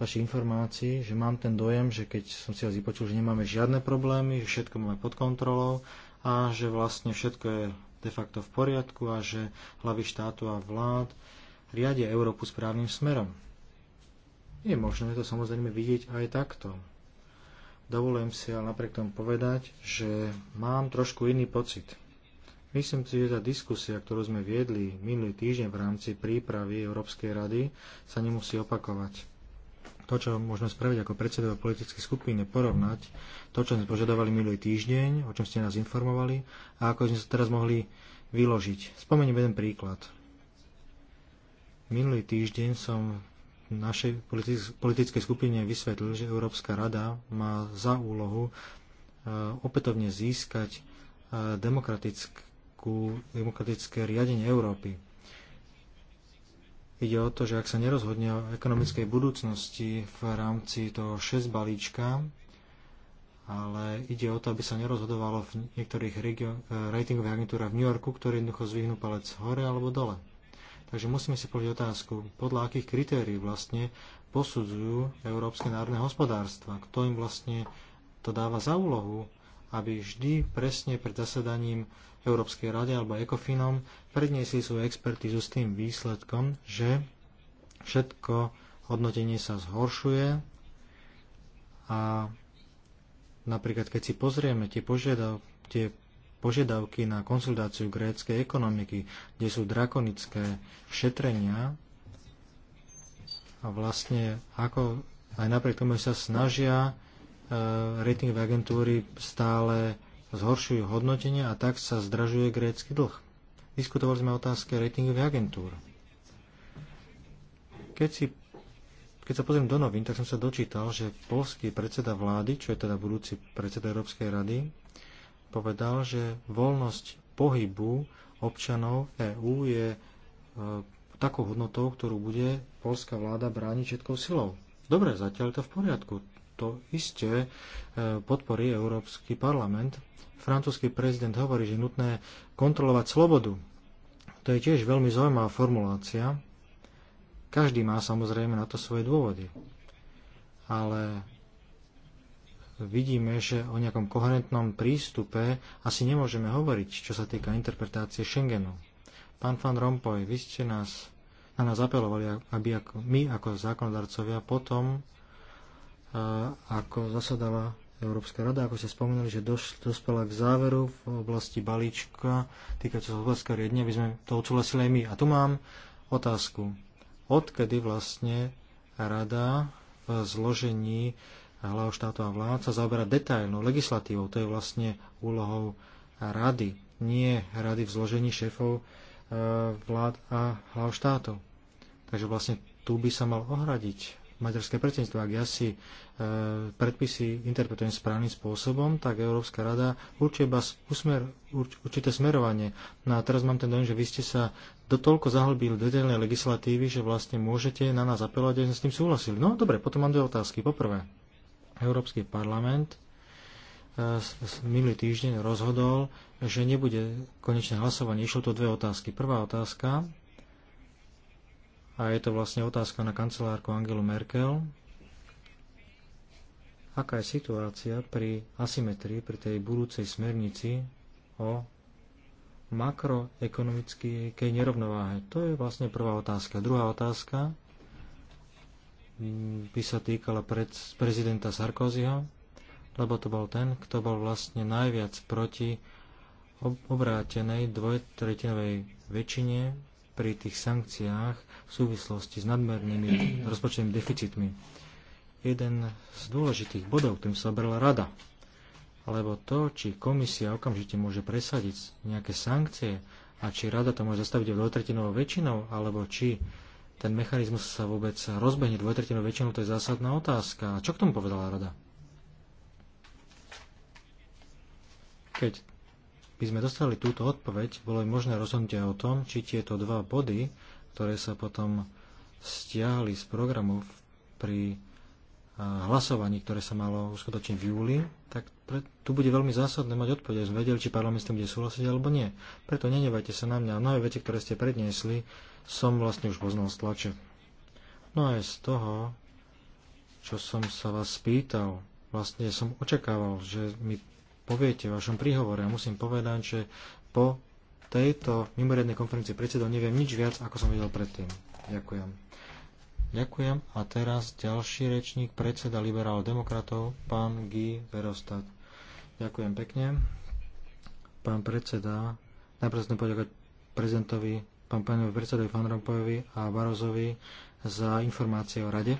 vašej informácií, že mám ten dojem, že keď som si vás vypočul, že nemáme žiadne problémy, že všetko máme pod kontrolou a že vlastne všetko je de facto v poriadku a že hlavy štátu a vlád riadia Európu správnym smerom. Je možné to samozrejme vidieť aj takto. Dovolujem si ale napriek tomu povedať, že mám trošku iný pocit. Myslím si, že tá diskusia, ktorú sme viedli minulý týždeň v rámci prípravy Európskej rady, sa nemusí opakovať. To, čo môžeme spraviť ako predsedovia politických skupín, je porovnať to, čo sme požadovali minulý týždeň, o čom ste nás informovali a ako sme sa teraz mohli vyložiť. Spomeniem jeden príklad. Minulý týždeň som našej politickej skupine vysvetlil, že Európska rada má za úlohu eh, opätovne získať eh, demokratické riadenie Európy. Ide o to, že ak sa nerozhodne o ekonomickej budúcnosti v rámci toho 6 balíčka, ale ide o to, aby sa nerozhodovalo v niektorých eh, ratingových agentúrach v New Yorku, ktoré jednoducho zvyhnú palec hore alebo dole. Takže musíme si povedať otázku, podľa akých kritérií vlastne posudzujú európske národné hospodárstva, kto im vlastne to dáva za úlohu, aby vždy presne pred zasedaním Európskej rade alebo ECOFINom predniesli svoju expertizu s tým výsledkom, že všetko hodnotenie sa zhoršuje a napríklad keď si pozrieme tie požiadavky, tie požiadavky na konsultáciu gréckej ekonomiky, kde sú drakonické šetrenia a vlastne ako aj napriek tomu sa snažia e, ratingové agentúry stále zhoršujú hodnotenie a tak sa zdražuje grécky dlh. Diskutovali sme o otázke ratingových agentúr. Keď, si, keď sa pozriem do novín, tak som sa dočítal, že polský predseda vlády, čo je teda budúci predseda Európskej rady, povedal, že voľnosť pohybu občanov EÚ je e, takou hodnotou, ktorú bude polská vláda brániť všetkou silou. Dobre, zatiaľ je to v poriadku. To isté e, podporí Európsky parlament. Francúzsky prezident hovorí, že je nutné kontrolovať slobodu. To je tiež veľmi zaujímavá formulácia. Každý má samozrejme na to svoje dôvody. Ale vidíme, že o nejakom koherentnom prístupe asi nemôžeme hovoriť, čo sa týka interpretácie Schengenu. Pán Van Rompuy, vy ste nás, na nás apelovali, aby ako, my ako zákonodarcovia potom, e, ako zasadala Európska rada, ako ste spomenuli, že doš, dospela k záveru v oblasti balíčka týkajúceho sa hospodárskeho riadenia, aby sme to odsúhlasili aj my. A tu mám otázku. Odkedy vlastne rada v zložení hlav štátov a vlád sa zaoberať detailnou legislatívou. To je vlastne úlohou rady, nie rady v zložení šéfov e, vlád a hlav štátov. Takže vlastne tu by sa mal ohradiť maďarské predsedníctvo. Ak ja si e, predpisy interpretujem správnym spôsobom, tak Európska rada určuje iba usmer, urč, určité smerovanie. No a teraz mám ten dojem, že vy ste sa dotoľko zahlbili do detailnej legislatívy, že vlastne môžete na nás apelovať, že sme s tým súhlasili. No dobre, potom mám dve otázky. Poprvé, Európsky parlament e, minulý týždeň rozhodol, že nebude konečné hlasovanie. Išlo to dve otázky. Prvá otázka, a je to vlastne otázka na kancelárku Angelu Merkel, aká je situácia pri asymetrii, pri tej budúcej smernici o makroekonomickej nerovnováhe. To je vlastne prvá otázka. Druhá otázka, by sa týkala pred, prezidenta Sarkozyho, lebo to bol ten, kto bol vlastne najviac proti obrátenej dvojtretinovej väčšine pri tých sankciách v súvislosti s nadmernými rozpočtovými deficitmi. Jeden z dôležitých bodov, ktorým sa obrala rada, lebo to, či komisia okamžite môže presadiť nejaké sankcie a či rada to môže zastaviť dvojtretinovou väčšinou, alebo či ten mechanizmus sa vôbec rozbehne dvojtretinou väčšinou, to je zásadná otázka. A čo k tomu povedala rada? Keď by sme dostali túto odpoveď, bolo by možné rozhodnutie o tom, či tieto dva body, ktoré sa potom stiahli z programu pri hlasovaní, ktoré sa malo uskutočniť v júli, tak pre, tu bude veľmi zásadné mať odpoveď, aby sme vedeli, či parlament s tým bude súhlasiť alebo nie. Preto nenevajte sa na mňa. Mnohé veci, ktoré ste predniesli, som vlastne už poznal z tlače. No aj z toho, čo som sa vás spýtal, vlastne som očakával, že mi poviete v vašom príhovore. A musím povedať, že po tejto mimoriadnej konferencii predsedov neviem nič viac, ako som vedel predtým. Ďakujem. Ďakujem. A teraz ďalší rečník, predseda liberál demokratov, pán Guy Verostat. Ďakujem pekne. Pán predseda, najprv chcem poďakovať prezidentovi, pán pánovi predsedovi Van Rompuyovi a Barozovi za informácie o rade.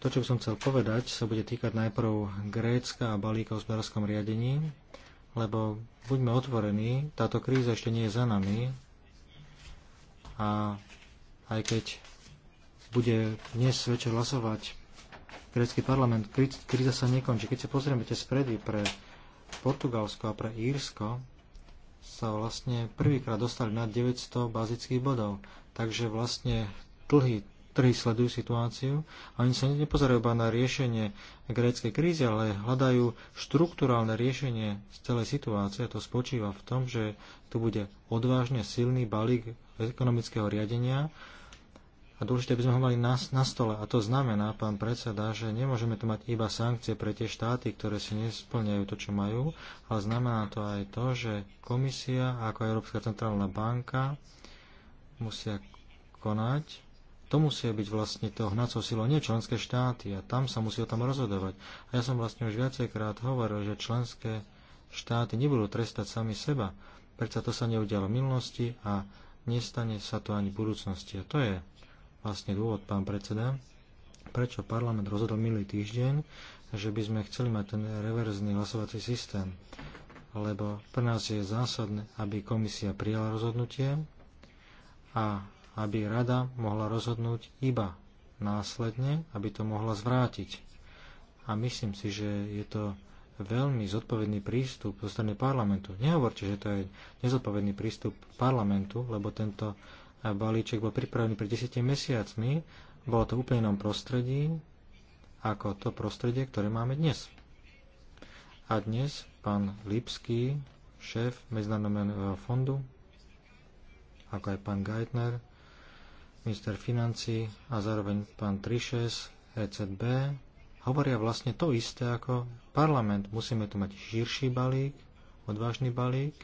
To, čo by som chcel povedať, sa bude týkať najprv Grécka a balíka o hospodárskom riadení, lebo buďme otvorení, táto kríza ešte nie je za nami a aj keď bude dnes večer hlasovať grecký parlament. Kríza sa nekončí. Keď si pozrieme tie spredy pre Portugalsko a pre Írsko, sa vlastne prvýkrát dostali na 900 bazických bodov. Takže vlastne dlhý trhy sledujú situáciu a oni sa nepozerajú iba na riešenie gréckej krízy, ale hľadajú štruktúrálne riešenie z celej situácie. To spočíva v tom, že tu bude odvážne silný balík ekonomického riadenia, a dôležité by sme ho mali na, na stole. A to znamená, pán predseda, že nemôžeme tu mať iba sankcie pre tie štáty, ktoré si nesplňajú to, čo majú, ale znamená to aj to, že komisia ako Európska centrálna banka musia konať. To musia byť vlastne to hnacou silou, nie členské štáty a tam sa musí o tom rozhodovať. A ja som vlastne už viacejkrát hovoril, že členské štáty nebudú trestať sami seba. Prečo to sa neudialo v minulosti a nestane sa to ani v budúcnosti. A to je vlastne dôvod, pán predseda, prečo parlament rozhodol minulý týždeň, že by sme chceli mať ten reverzný hlasovací systém. Lebo pre nás je zásadné, aby komisia prijala rozhodnutie a aby rada mohla rozhodnúť iba následne, aby to mohla zvrátiť. A myslím si, že je to veľmi zodpovedný prístup zo strany parlamentu. Nehovorte, že to je nezodpovedný prístup parlamentu, lebo tento a balíček bol pripravený pred 10 mesiacmi. Bolo to v úplne inom prostredí, ako to prostredie, ktoré máme dnes. A dnes pán Lipský, šéf Medzinárodného fondu, ako aj pán Geithner, minister financí a zároveň pán Trišes, ECB, hovoria vlastne to isté ako parlament. Musíme tu mať širší balík, odvážny balík,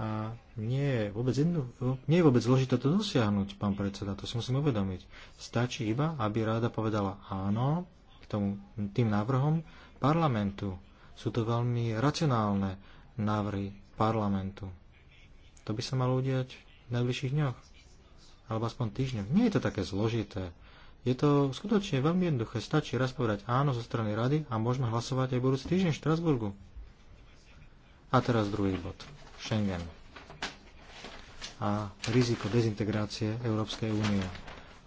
a nie je vôbec, jedno, nie je vôbec zložité to dosiahnuť, pán predseda, to si musím uvedomiť. Stačí iba, aby rada povedala áno k tomu, tým návrhom parlamentu. Sú to veľmi racionálne návrhy parlamentu. To by sa malo udiať v najbližších dňoch, alebo aspoň týždňoch. Nie je to také zložité. Je to skutočne veľmi jednoduché. Stačí raz povedať áno zo strany rady a môžeme hlasovať aj budúci týždeň v Štrasburgu. A teraz druhý bod. Schengen a riziko dezintegrácie Európskej únie.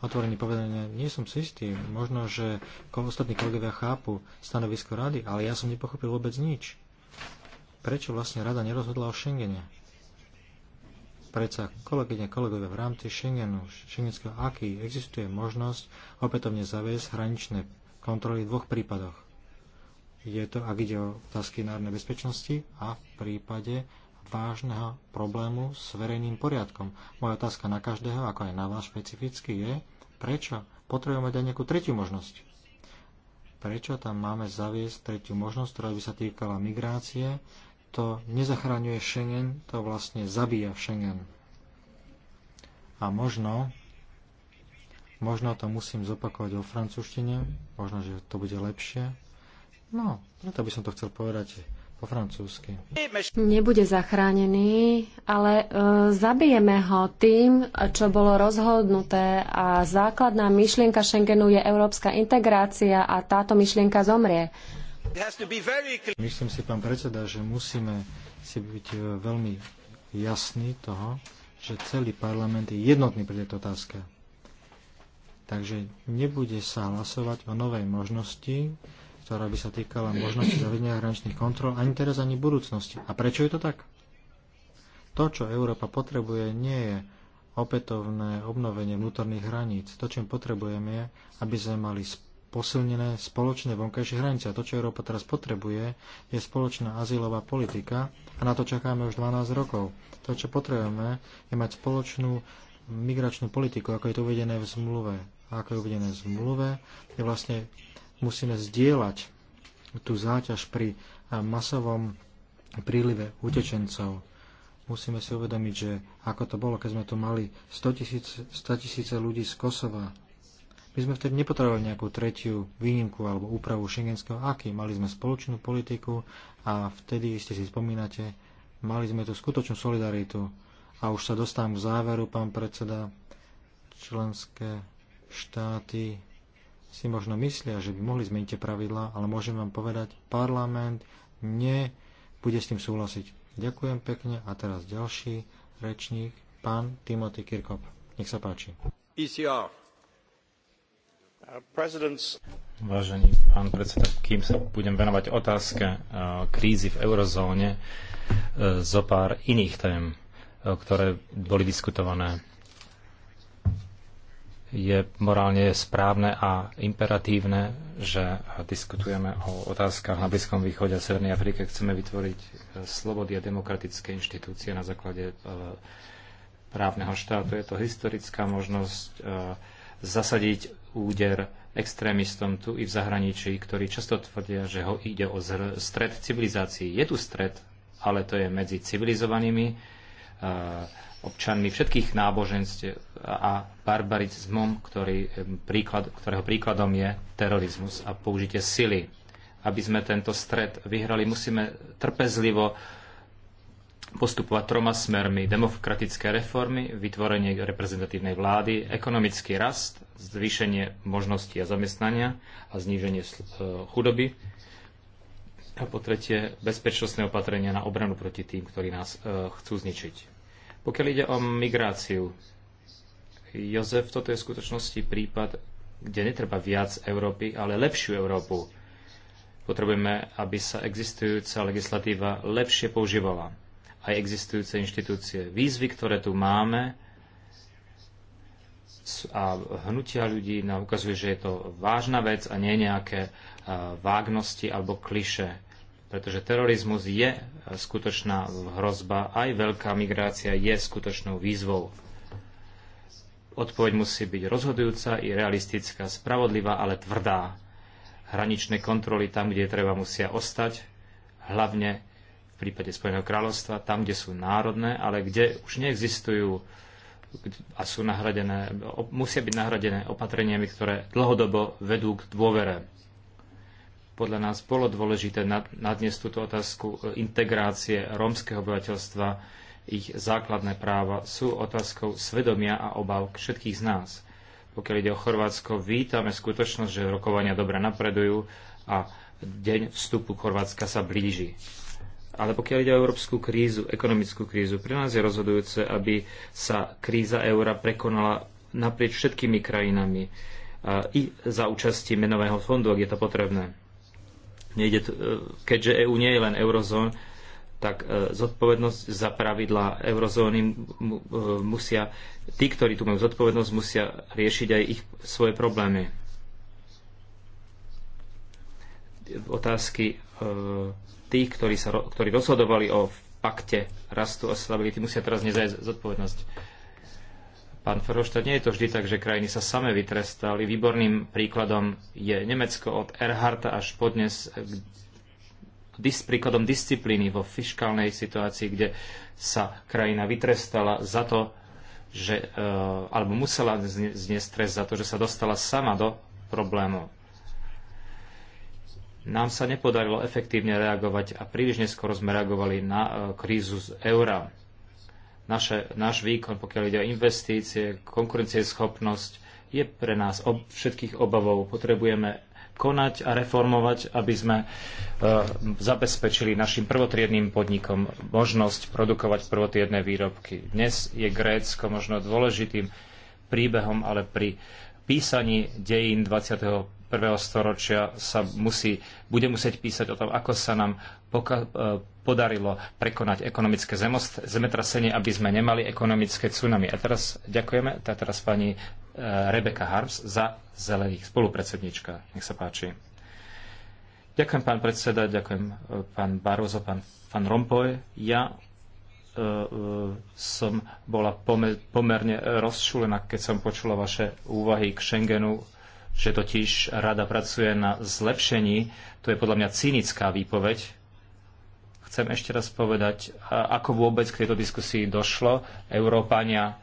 Otvorene povedané, nie som si istý. Možno, že ostatní kolegovia chápu stanovisko rady, ale ja som nepochopil vôbec nič. Prečo vlastne rada nerozhodla o Schengene? Predsa kolegyne kolegovia v rámci Schengenu, Schengenského aký existuje možnosť opätovne zaviesť hraničné kontroly v dvoch prípadoch. Je to, ak ide o otázky národnej bezpečnosti a v prípade, vážneho problému s verejným poriadkom. Moja otázka na každého, ako aj na vás špecificky, je, prečo potrebujeme dať nejakú tretiu možnosť? Prečo tam máme zaviesť tretiu možnosť, ktorá by sa týkala migrácie? To nezachraňuje Schengen, to vlastne zabíja Schengen. A možno, možno to musím zopakovať o francúzštine, možno, že to bude lepšie. No, preto by som to chcel povedať po francúzsky. Nebude zachránený, ale e, zabijeme ho tým, čo bolo rozhodnuté a základná myšlienka Schengenu je európska integrácia a táto myšlienka zomrie. Myslím si, pán predseda, že musíme si byť e, veľmi jasný toho, že celý parlament je jednotný pri tejto otázke. Takže nebude sa hlasovať o novej možnosti, ktorá by sa týkala možnosti zavedenia hraničných kontrol ani teraz, ani v budúcnosti. A prečo je to tak? To, čo Európa potrebuje, nie je opätovné obnovenie vnútorných hraníc. To, čo potrebujeme, je, aby sme mali posilnené spoločné vonkajšie hranice. A to, čo Európa teraz potrebuje, je spoločná azylová politika a na to čakáme už 12 rokov. To, čo potrebujeme, je mať spoločnú migračnú politiku, ako je to uvedené v zmluve. A ako je uvedené v zmluve, je vlastne Musíme zdieľať tú záťaž pri eh, masovom prílive utečencov. Musíme si uvedomiť, že ako to bolo, keď sme tu mali 100 tisíce, 100 ľudí z Kosova. My sme vtedy nepotrebovali nejakú tretiu výnimku alebo úpravu šengenského aky. Mali sme spoločnú politiku a vtedy, ste si spomínate, mali sme tú skutočnú solidaritu. A už sa dostávam k záveru, pán predseda, členské štáty si možno myslia, že by mohli zmeniť tie pravidlá, ale môžem vám povedať, parlament nie bude s tým súhlasiť. Ďakujem pekne a teraz ďalší rečník, pán Timothy Kirkop. Nech sa páči. ECR. Uh, Vážený pán predseda, kým sa budem venovať otázke uh, krízy v eurozóne, uh, zo pár iných tém, ktoré boli diskutované je morálne správne a imperatívne, že diskutujeme o otázkach na Blízkom východe a Severnej Afrike. Chceme vytvoriť e, slobody a demokratické inštitúcie na základe e, právneho štátu. Je to historická možnosť e, zasadiť úder extrémistom tu i v zahraničí, ktorí často tvrdia, že ho ide o stred civilizácií. Je tu stred, ale to je medzi civilizovanými občanmi všetkých náboženstiev a barbarizmom, ktorý, eh, príklad, ktorého príkladom je terorizmus a použitie sily. Aby sme tento stred vyhrali, musíme trpezlivo postupovať troma smermi. Demokratické reformy, vytvorenie reprezentatívnej vlády, ekonomický rast, zvýšenie možností a zamestnania a zníženie eh, chudoby. A po tretie, bezpečnostné opatrenia na obranu proti tým, ktorí nás eh, chcú zničiť. Pokiaľ ide o migráciu, Jozef, toto je v skutočnosti prípad, kde netreba viac Európy, ale lepšiu Európu. Potrebujeme, aby sa existujúca legislatíva lepšie používala. Aj existujúce inštitúcie. Výzvy, ktoré tu máme, a hnutia ľudí nám ukazuje, že je to vážna vec a nie nejaké vágnosti alebo kliše pretože terorizmus je e, skutočná hrozba, aj veľká migrácia je skutočnou výzvou. Odpoveď musí byť rozhodujúca i realistická, spravodlivá, ale tvrdá. Hraničné kontroly tam, kde je treba, musia ostať, hlavne v prípade Spojeného kráľovstva, tam, kde sú národné, ale kde už neexistujú a sú nahradené, musia byť nahradené opatreniami, ktoré dlhodobo vedú k dôvere podľa nás bolo dôležité nadniesť túto otázku e, integrácie rómskeho obyvateľstva. Ich základné práva sú otázkou svedomia a obav všetkých z nás. Pokiaľ ide o Chorvátsko, vítame skutočnosť, že rokovania dobre napredujú a deň vstupu Chorvátska sa blíži. Ale pokiaľ ide o európsku krízu, ekonomickú krízu, pre nás je rozhodujúce, aby sa kríza eura prekonala naprieč všetkými krajinami e, i za účasti menového fondu, ak je to potrebné nejde, keďže EÚ nie je len eurozón, tak e, zodpovednosť za pravidla eurozóny e, musia, tí, ktorí tu majú zodpovednosť, musia riešiť aj ich svoje problémy. Otázky e, tých, ktorí, sa, ktorí rozhodovali o pakte rastu a stability, musia teraz nezajať zodpovednosť Pán Ferroštad, nie je to vždy tak, že krajiny sa same vytrestali. Výborným príkladom je Nemecko od Erharta až po dnes eh, dis, príkladom disciplíny vo fiškálnej situácii, kde sa krajina vytrestala za to, že, eh, alebo musela zniesť trest za to, že sa dostala sama do problémov. Nám sa nepodarilo efektívne reagovať a príliš neskoro sme reagovali na eh, krízu z eura naše, náš výkon, pokiaľ ide o investície, konkurencieschopnosť, je pre nás ob, všetkých obavou. Potrebujeme konať a reformovať, aby sme e, zabezpečili našim prvotriedným podnikom možnosť produkovať prvotriedné výrobky. Dnes je Grécko možno dôležitým príbehom, ale pri písaní dejín 20 prvého storočia sa musí, bude musieť písať o tom, ako sa nám poka- e, podarilo prekonať ekonomické zemost, zemetrasenie, aby sme nemali ekonomické tsunami. A teraz ďakujeme, tá teraz pani e, Rebeka Harms za zelených spolupredsedníčka. Nech sa páči. Ďakujem, pán predseda, ďakujem, e, pán Barozo, pán, pán Rompoy. Ja som bola pomerne rozčulená, keď som počula vaše úvahy k Schengenu, že totiž rada pracuje na zlepšení. To je podľa mňa cynická výpoveď. Chcem ešte raz povedať, ako vôbec k tejto diskusii došlo. Európania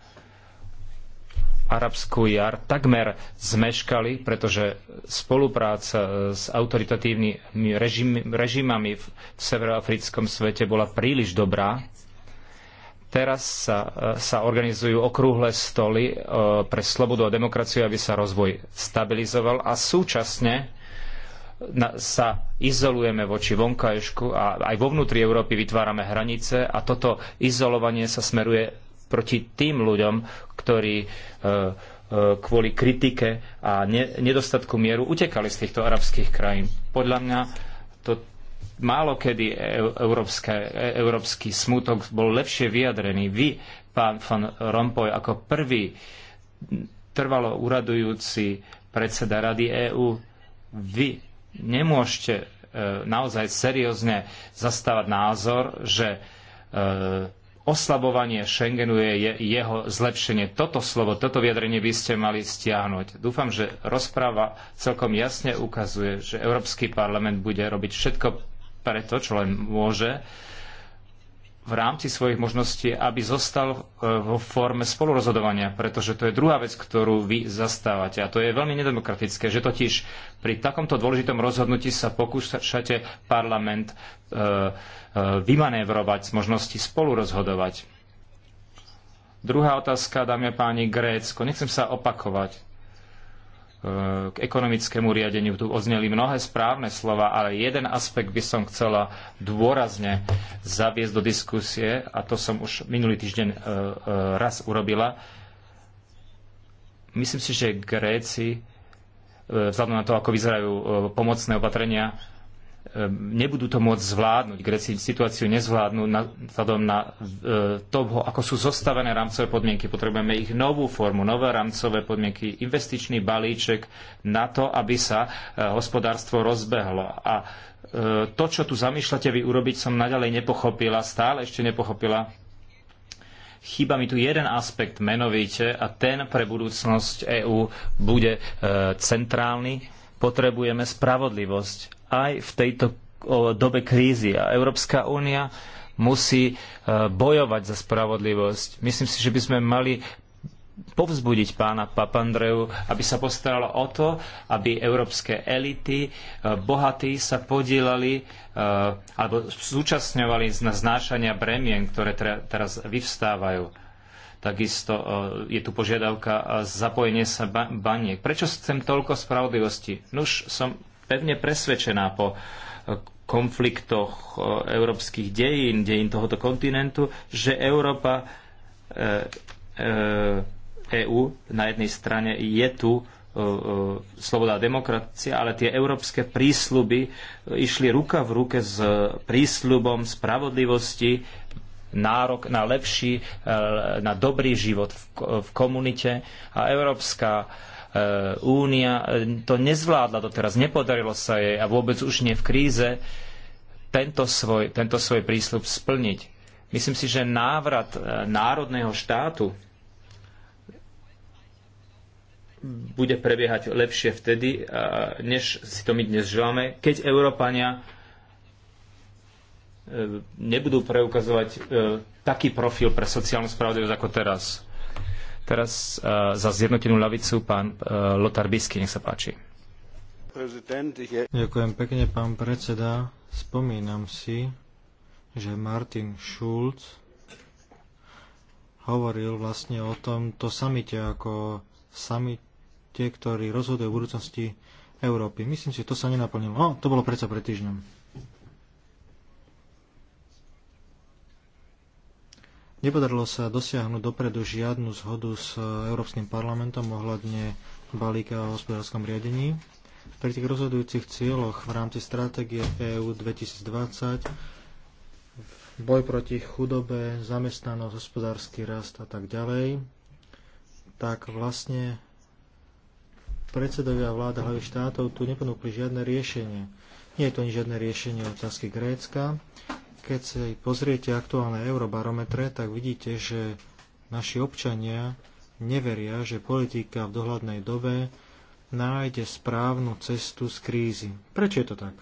arabskú jar takmer zmeškali, pretože spolupráca s autoritatívnymi režim, režimami v, v severoafrickom svete bola príliš dobrá. Teraz sa, e, sa organizujú okrúhle stoly e, pre slobodu a demokraciu, aby sa rozvoj stabilizoval a súčasne sa izolujeme voči vonkajšku a aj vo vnútri Európy vytvárame hranice a toto izolovanie sa smeruje proti tým ľuďom, ktorí e, kvôli kritike a nedostatku mieru utekali z týchto arabských krajín. Podľa mňa to, málo kedy európske, e, európsky smutok bol lepšie vyjadrený. Vy, pán van Rompuy, ako prvý trvalo uradujúci predseda Rady EÚ, vy nemôžete e, naozaj seriózne zastávať názor, že e, oslabovanie Schengenu je jeho zlepšenie. Toto slovo, toto vyjadrenie by ste mali stiahnuť. Dúfam, že rozpráva celkom jasne ukazuje, že Európsky parlament bude robiť všetko preto, čo len môže, v rámci svojich možností, aby zostal e, vo forme spolurozhodovania, pretože to je druhá vec, ktorú vy zastávate. A to je veľmi nedemokratické, že totiž pri takomto dôležitom rozhodnutí sa pokúšate parlament e, e, vymanévrovať z možnosti spolurozhodovať. Druhá otázka, dámy a páni, Grécko. Nechcem sa opakovať k ekonomickému riadeniu. Tu ozneli mnohé správne slova, ale jeden aspekt by som chcela dôrazne zaviesť do diskusie, a to som už minulý týždeň e, e, raz urobila. Myslím si, že Gréci, e, vzhľadom na to, ako vyzerajú pomocné opatrenia, Ehm, nebudú to môcť zvládnuť, Gréci situáciu nezvládnu vzhľadom na e, to, ako sú zostavené rámcové podmienky. Potrebujeme ich novú formu, nové rámcové podmienky, investičný balíček na to, aby sa e, hospodárstvo rozbehlo. A e, to, čo tu zamýšľate vy urobiť, som naďalej nepochopila, stále ešte nepochopila. Chýba mi tu jeden aspekt menovite a ten pre budúcnosť EÚ bude centrálny. Potrebujeme spravodlivosť aj v tejto dobe krízy. A Európska únia musí e, bojovať za spravodlivosť. Myslím si, že by sme mali povzbudiť pána Papandreju, aby sa postaralo o to, aby európske elity, e, bohatí sa podielali e, alebo zúčastňovali na znášania bremien, ktoré teraz vyvstávajú. Takisto je tu požiadavka zapojenie sa baniek. Prečo chcem toľko spravodlivosti? Nuž som pevne presvedčená po e, konfliktoch e, európskych dejín, dejín tohoto kontinentu, že Európa EÚ e, na jednej strane je tu sloboda a demokracia, ale tie európske prísľuby išli ruka v ruke s prísľubom spravodlivosti, nárok na lepší, na dobrý život v komunite a európska Eh, Únia eh, to nezvládla doteraz, nepodarilo sa jej a vôbec už nie v kríze tento svoj, tento svoj prísľub splniť. Myslím si, že návrat eh, národného štátu bude prebiehať lepšie vtedy, než si to my dnes želáme, keď Európania nebudú preukazovať taký profil pre sociálnu spravodlivosť ako teraz. Teraz eh, za zjednotenú lavicu pán eh, Lotar Bisky, nech sa páči. Ďakujem pekne, pán predseda. Spomínam si, že Martin Schulz hovoril vlastne o tomto samite ako samite, ktorý rozhoduje v budúcnosti Európy. Myslím si, že to sa nenaplnilo. O, to bolo predsa pred týždňom. Nepodarilo sa dosiahnuť dopredu žiadnu zhodu s Európskym parlamentom ohľadne balíka o hospodárskom riadení. Pri tých rozhodujúcich cieľoch v rámci stratégie EÚ 2020 boj proti chudobe, zamestnanosť, hospodársky rast a tak ďalej, tak vlastne predsedovia vláda hlavy štátov tu neponúkli žiadne riešenie. Nie je to ani žiadne riešenie otázky Grécka. Keď si pozriete aktuálne eurobarometre, tak vidíte, že naši občania neveria, že politika v dohľadnej dobe nájde správnu cestu z krízy. Prečo je to tak?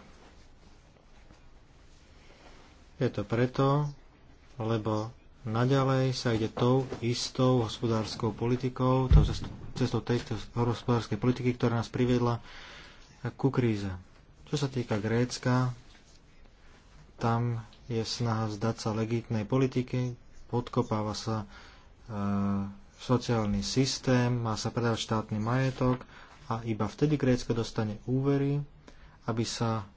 Je to preto, lebo naďalej sa ide tou istou hospodárskou politikou, tou cestou tejto hospodárskej politiky, ktorá nás priviedla ku kríze. Čo sa týka Grécka, tam je snaha vzdať sa legitnej politiky, podkopáva sa e, sociálny systém, má sa predávať štátny majetok a iba vtedy Grécko dostane úvery, aby sa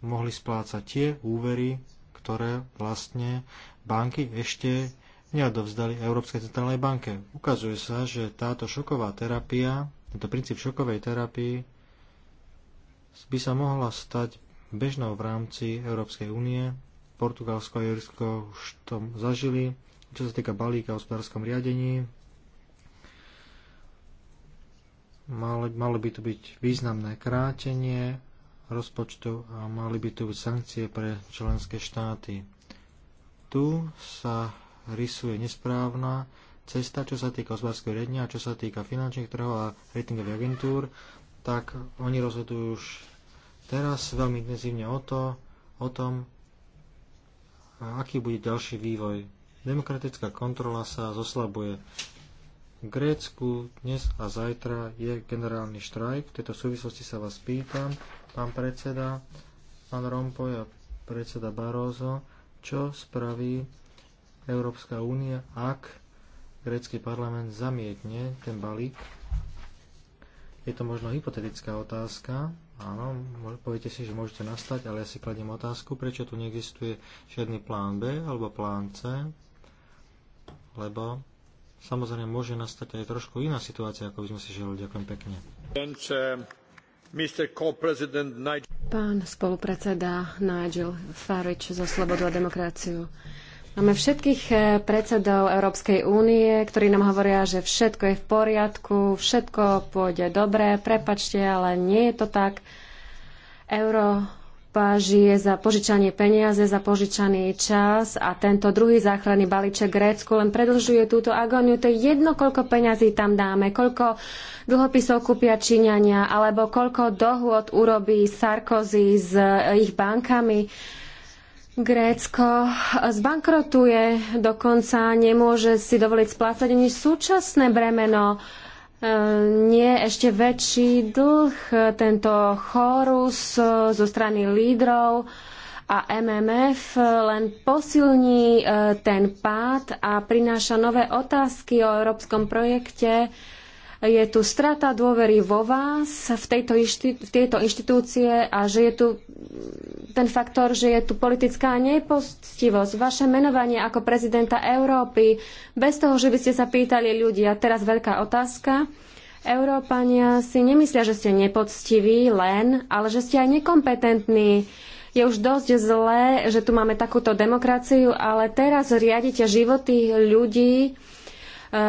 mohli splácať tie úvery, ktoré vlastne banky ešte neodovzdali Európskej centrálnej banke. Ukazuje sa, že táto šoková terapia, tento princíp šokovej terapii by sa mohla stať bežnou v rámci Európskej únie Portugalsko a Jirsko už tom zažili. Čo sa týka balíka o hospodárskom riadení, malo, malo by tu byť významné krátenie rozpočtu a mali by tu byť sankcie pre členské štáty. Tu sa rysuje nesprávna cesta, čo sa týka hospodárskeho riadenia a čo sa týka finančných trhov a ratingových agentúr, tak oni rozhodujú už teraz veľmi intenzívne o, to, o tom, a aký bude ďalší vývoj. Demokratická kontrola sa zoslabuje. V Grécku dnes a zajtra je generálny štrajk. V tejto súvislosti sa vás pýtam, pán predseda, pán Rompoj a predseda Barózo, čo spraví Európska únia, ak grécky parlament zamietne ten balík. Je to možno hypotetická otázka, Áno, poviete si, že môžete nastať, ale ja si kladiem otázku, prečo tu neexistuje žiadny plán B alebo plán C, lebo samozrejme môže nastať aj trošku iná situácia, ako by sme si želali. Ďakujem pekne. Um, Pán spolupredseda Nigel Farage za Slobodu a demokraciu. Máme všetkých eh, predsedov Európskej únie, ktorí nám hovoria, že všetko je v poriadku, všetko pôjde dobre, prepačte, ale nie je to tak. Európa žije za požičanie peniaze, za požičaný čas a tento druhý záchranný balíček Grécku len predlžuje túto agóniu. To je jedno, koľko peňazí tam dáme, koľko dlhopisov kúpia Číňania alebo koľko dohôd urobí Sarkozy s eh, ich bankami Grécko zbankrotuje, dokonca nemôže si dovoliť splácať ani súčasné bremeno. E, nie ešte väčší dlh, tento chorus e, zo strany lídrov a MMF len posilní e, ten pád a prináša nové otázky o európskom projekte, je tu strata dôvery vo vás, v, tejto v tieto inštitúcie a že je tu ten faktor, že je tu politická nepostivosť. Vaše menovanie ako prezidenta Európy, bez toho, že by ste sa pýtali ľudia, teraz veľká otázka. Európania si nemyslia, že ste nepoctiví len, ale že ste aj nekompetentní. Je už dosť zlé, že tu máme takúto demokraciu, ale teraz riadite životy ľudí. E,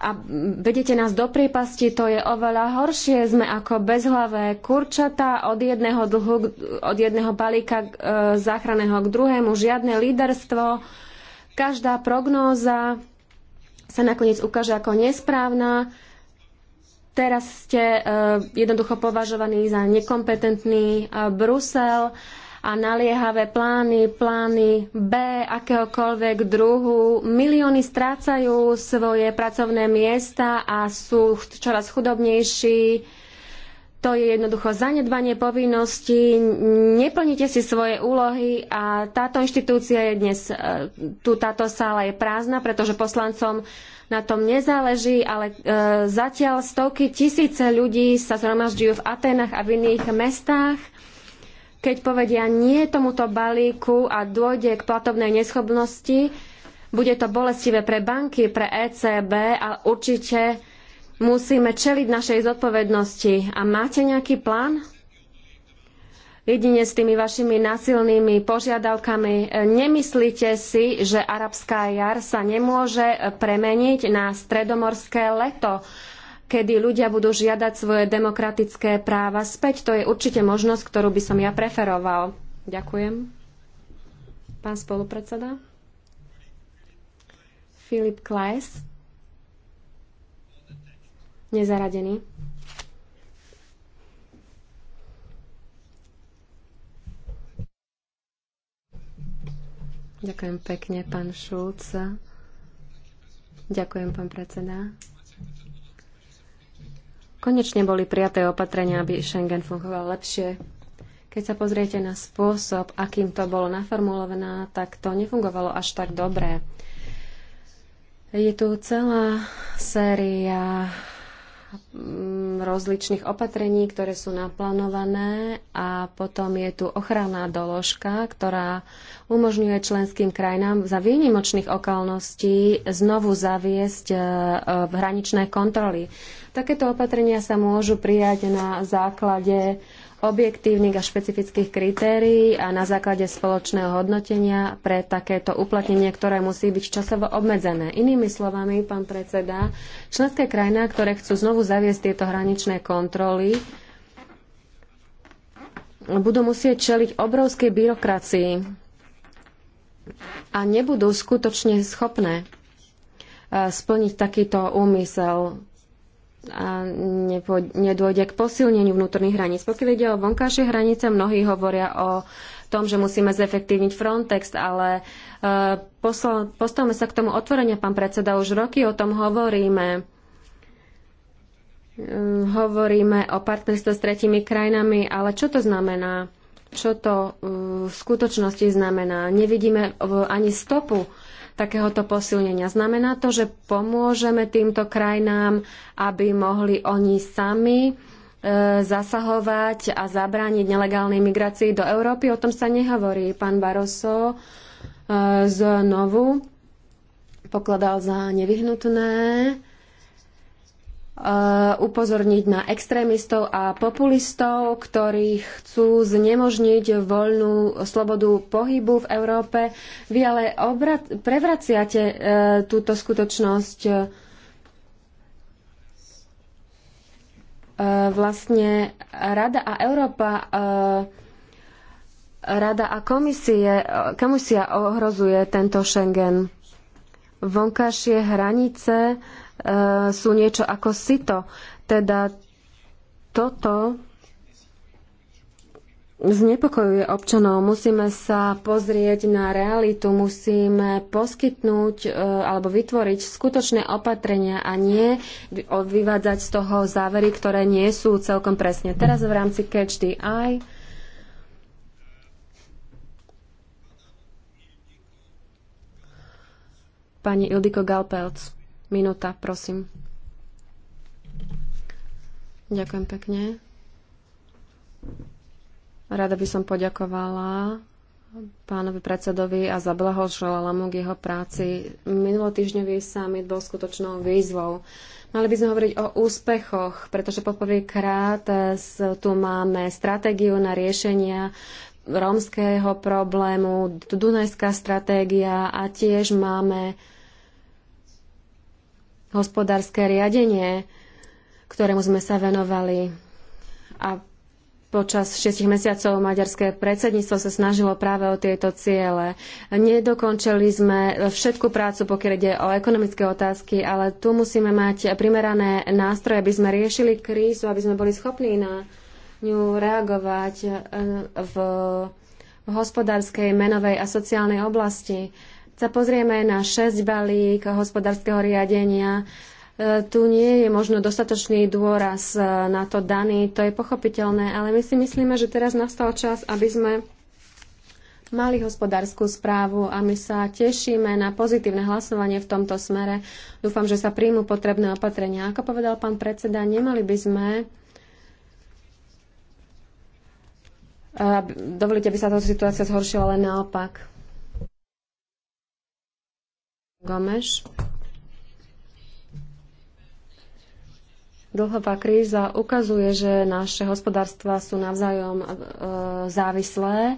a vedete nás do priepasti, to je oveľa horšie. Sme ako bezhlavé kurčata od jedného, dlhu, od jedného balíka e, záchranného k druhému, žiadne líderstvo. Každá prognóza sa nakoniec ukáže ako nesprávna. Teraz ste e, jednoducho považovaní za nekompetentný e, Brusel. E, a naliehavé plány, plány B akéhokoľvek druhu. Milióny strácajú svoje pracovné miesta a sú čoraz chudobnejší. To je jednoducho zanedbanie povinností, neplníte si svoje úlohy a táto inštitúcia je dnes, e, tu táto sála je prázdna, pretože poslancom na tom nezáleží, ale e, zatiaľ stovky tisíce ľudí sa zhromažďujú v Atenách a v iných mestách keď povedia nie tomuto balíku a dôjde k platobnej neschopnosti, bude to bolestivé pre banky, pre ECB a určite musíme čeliť našej zodpovednosti. A máte nejaký plán? Jedine s tými vašimi násilnými požiadavkami nemyslíte si, že arabská jar sa nemôže premeniť na stredomorské leto kedy ľudia budú žiadať svoje demokratické práva späť. To je určite možnosť, ktorú by som ja preferoval. Ďakujem. Pán spolupredseda. Filip Kleis. Nezaradený. Ďakujem pekne, pán Šulca. Ďakujem, pán predseda. Konečne boli prijaté opatrenia, aby Schengen fungoval lepšie. Keď sa pozriete na spôsob, akým to bolo naformulované, tak to nefungovalo až tak dobre. Je tu celá séria Mm, rozličných opatrení, ktoré sú naplánované a potom je tu ochranná doložka, ktorá umožňuje členským krajinám za výnimočných okolností znovu zaviesť e, e, hraničné kontroly. Takéto opatrenia sa môžu prijať na základe objektívnych a špecifických kritérií a na základe spoločného hodnotenia pre takéto uplatnenie, ktoré musí byť časovo obmedzené. Inými slovami, pán predseda, členské krajina, ktoré chcú znovu zaviesť tieto hraničné kontroly, budú musieť čeliť obrovskej byrokracii a nebudú skutočne schopné eh, splniť takýto úmysel a nepo, nedôjde k posilneniu vnútorných hraníc. Pokiaľ ide o vonkajšie hranice, mnohí hovoria o tom, že musíme zefektívniť Frontex, ale e, posla, postavme sa k tomu otvorenia, pán predseda, už roky o tom hovoríme. E, hovoríme o partnerstve s tretimi krajinami, ale čo to znamená? Čo to e, v skutočnosti znamená? Nevidíme ani stopu takéhoto posilnenia. Znamená to, že pomôžeme týmto krajinám, aby mohli oni sami e, zasahovať a zabrániť nelegálnej migrácii do Európy. O tom sa nehovorí. Pán Barroso e, znovu pokladal za nevyhnutné Eh, upozorniť na extrémistov a populistov, ktorí chcú znemožniť voľnú slobodu pohybu v Európe. Vy ale obrat, prevraciate e, túto skutočnosť e, vlastne Rada a Európa e, Rada a komisie, komisia ohrozuje tento Schengen. Vonkajšie hranice E, sú niečo ako sito. Teda toto znepokojuje občanov. Musíme sa pozrieť na realitu, musíme poskytnúť e, alebo vytvoriť skutočné opatrenia a nie vyvádzať z toho závery, ktoré nie sú celkom presne. Teraz v rámci Catch the Eye pani Ildiko Galpelc. Minúta, prosím. Ďakujem pekne. Rada by som poďakovala pánovi predsedovi a za zablahoželala mu k jeho práci. Minulotýždňový summit bol skutočnou výzvou. Mali by sme hovoriť o úspechoch, pretože po krát tu máme stratégiu na riešenia rómskeho problému, Dunajská stratégia a tiež máme hospodárske riadenie, ktorému sme sa venovali. A počas šiestich mesiacov maďarské predsedníctvo sa snažilo práve o tieto ciele. Nedokončili sme všetku prácu, pokiaľ ide o ekonomické otázky, ale tu musíme mať primerané nástroje, aby sme riešili krízu, aby sme boli schopní na ňu reagovať eh, v hospodárskej, menovej a sociálnej oblasti sa pozrieme na 6 balík hospodárskeho riadenia, e, tu nie je možno dostatočný dôraz e, na to daný, to je pochopiteľné, ale my si myslíme, že teraz nastal čas, aby sme mali hospodárskú správu a my sa tešíme na pozitívne hlasovanie v tomto smere. Dúfam, že sa príjmu potrebné opatrenia. Ako povedal pán predseda, nemali by sme e, dovolite, aby sa tá situácia zhoršila, ale naopak. Gomeš. Dlhová kríza ukazuje, že naše hospodárstva sú navzájom e, závislé,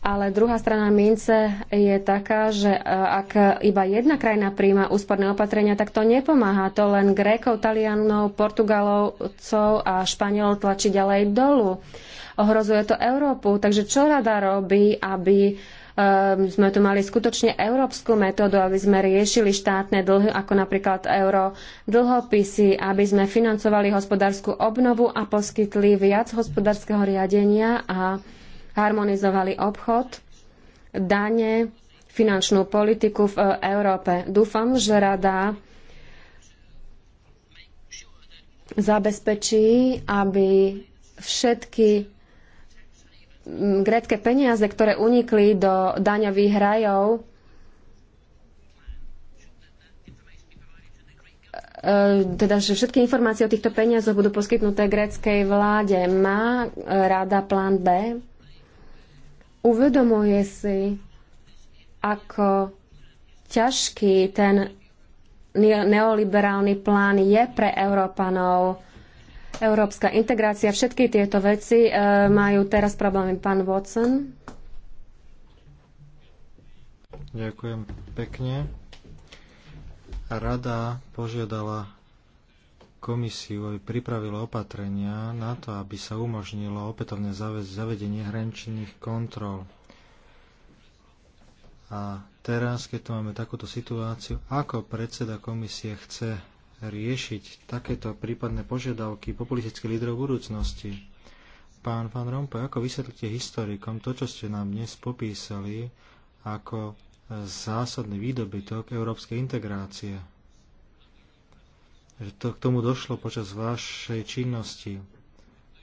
ale druhá strana mince je taká, že e, ak iba jedna krajina príjma úsporné opatrenia, tak to nepomáha. To len Grékov, Talianov, Portugalovcov a Španielov tlačí ďalej dolu. Ohrozuje to Európu. Takže čo rada robí, aby Ehm, sme tu mali skutočne európsku metódu, aby sme riešili štátne dlhy, ako napríklad euro dlhopisy, aby sme financovali hospodárskú obnovu a poskytli viac hospodárskeho riadenia a harmonizovali obchod, dane, finančnú politiku v eh, Európe. Dúfam, že rada zabezpečí, aby všetky grécké peniaze, ktoré unikli do daňových rajov, e, teda, že všetky informácie o týchto peniazoch budú poskytnuté gréckej vláde. Má e, rada plán B? Uvedomuje si, ako ťažký ten neoliberálny plán je pre Európanov európska integrácia, všetky tieto veci e, majú teraz problémy. Pán Watson. Ďakujem pekne. Rada požiadala komisiu, aby pripravila opatrenia na to, aby sa umožnilo opätovné zavedenie hraničných kontrol. A teraz, keď tu máme takúto situáciu, ako predseda komisie chce riešiť takéto prípadné požiadavky populistických lídrov budúcnosti. Pán Van Rompuy, ako vysvetlíte historikom to, čo ste nám dnes popísali ako zásadný výdobytok európskej integrácie? Že to, k tomu došlo počas vašej činnosti.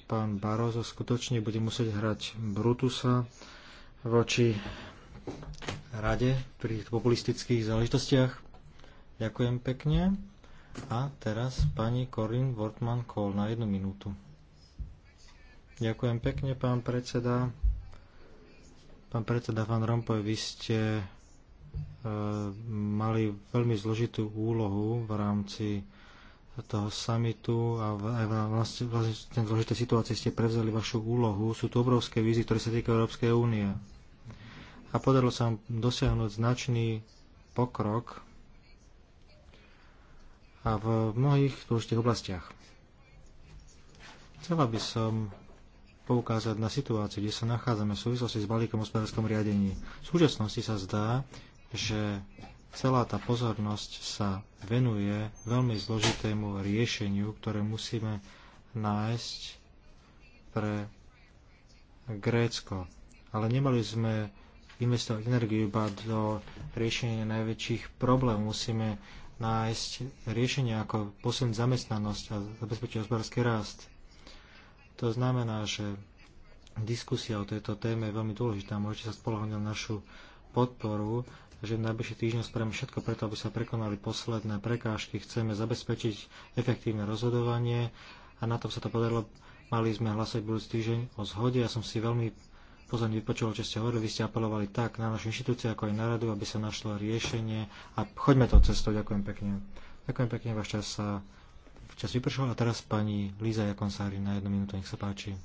Pán Barozo skutočne bude musieť hrať Brutusa voči rade pri populistických záležitostiach. Ďakujem pekne. A teraz pani Corin Wortman Kohl na jednu minútu. Ďakujem pekne, pán predseda. Pán predseda Van Rompuy, vy ste e, mali veľmi zložitú úlohu v rámci toho samitu a aj vlastne, vlastne ten zložité situácie ste prevzali vašu úlohu. Sú tu obrovské vízy, ktoré sa týkajú Európskej únie. A podarilo sa vám dosiahnuť značný pokrok a v mnohých dôležitých oblastiach. Chcela by som poukázať na situáciu, kde sa nachádzame v súvislosti s balíkom hospodárskom riadení. V súčasnosti sa zdá, že celá tá pozornosť sa venuje veľmi zložitému riešeniu, ktoré musíme nájsť pre Grécko. Ale nemali sme investovať energiu iba do riešenia najväčších problémov. Musíme nájsť riešenie, ako posilniť zamestnanosť a zabezpečiť hospodársky rast. To znamená, že diskusia o tejto téme je veľmi dôležitá. Môžete sa spolahnúť na našu podporu, že v najbližších týždňoch spravíme všetko preto, aby sa prekonali posledné prekážky. Chceme zabezpečiť efektívne rozhodovanie a na to sa to podarilo. Mali sme hlasovať budúci týždeň o zhode. Ja som si veľmi pozorne vypočul, čo ste hovorili. Vy ste apelovali tak na našu inštitúciu, ako aj na radu, aby sa našlo riešenie. A choďme to cestou. Ďakujem pekne. Ďakujem pekne, váš čas sa čas vypršol. A teraz pani Líza Jakonsári na jednu minútu. Nech sa páči.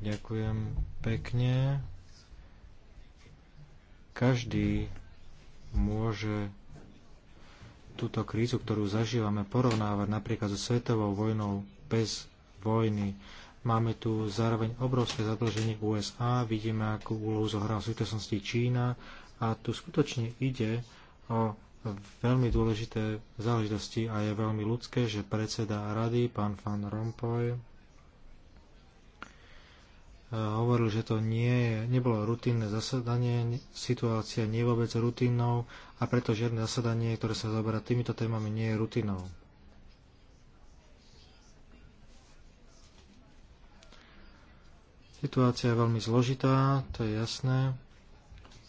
Ďakujem pekne. Každý môže túto krízu, ktorú zažívame, porovnávať napríklad so svetovou vojnou bez vojny. Máme tu zároveň obrovské zadlženie USA, vidíme, akú úlohu zohrá v súčasnosti Čína a tu skutočne ide o veľmi dôležité záležitosti a je veľmi ľudské, že predseda rady, pán Van Rompuy, eh, hovoril, že to nie je, nebolo rutinné zasadanie, situácia nie je vôbec rutinnou a preto žiadne zasadanie, ktoré sa zaoberá týmito témami, nie je rutinou. Situácia je veľmi zložitá, to je jasné.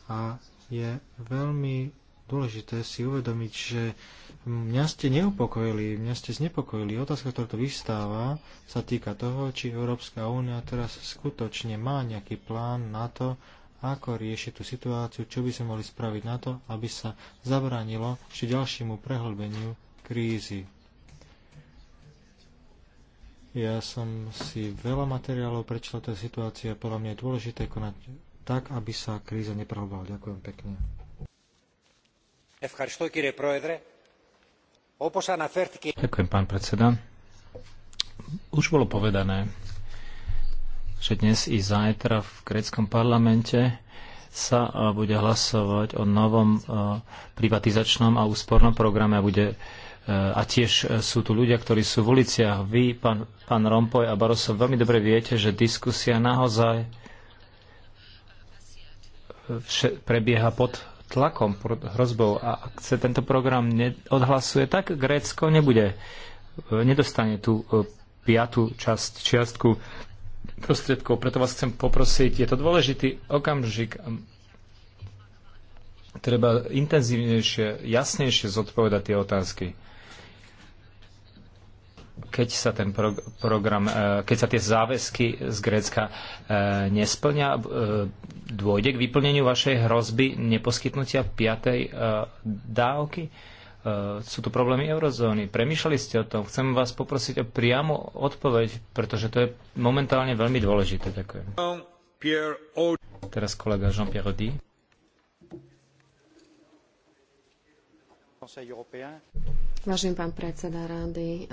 A je veľmi dôležité si uvedomiť, že mňa ste neupokojili, mňa ste znepokojili. Otázka, ktorá to vystáva, sa týka toho, či Európska únia teraz skutočne má nejaký plán na to, ako riešiť tú situáciu, čo by sme mohli spraviť na to, aby sa zabránilo ešte ďalšiemu prehlbeniu krízy. Ja som si veľa materiálov prečítal tej situácii a podľa mňa je dôležité konať tak, aby sa kríza neprehlbovala. Ďakujem pekne. Ďakujem, pán predseda. Už bolo povedané, že dnes i zajtra v gréckom parlamente sa eh, bude hlasovať o novom eh, privatizačnom a úspornom programe a bude a tiež e, sú tu ľudia, ktorí sú v uliciach. Vy, pán, pán Rompoj a Baroso, veľmi dobre viete, že diskusia naozaj e, prebieha pod tlakom, pod hrozbou. A ak sa tento program neodhlasuje, tak Grécko nebude, e, nedostane tú piatú časť, čiastku prostriedkov. Preto vás chcem poprosiť, je to dôležitý okamžik, treba intenzívnejšie, jasnejšie zodpovedať tie otázky keď sa ten program, e, keď sa tie záväzky z Grécka e, nesplňa, e, dôjde k vyplneniu vašej hrozby neposkytnutia piatej dávky? Sú tu problémy eurozóny. Premýšľali ste o tom? Chcem vás poprosiť o priamu odpoveď, pretože to je momentálne veľmi dôležité. Ďakujem. Teraz kolega Jean-Pierre Audi. Vážený pán predseda rady,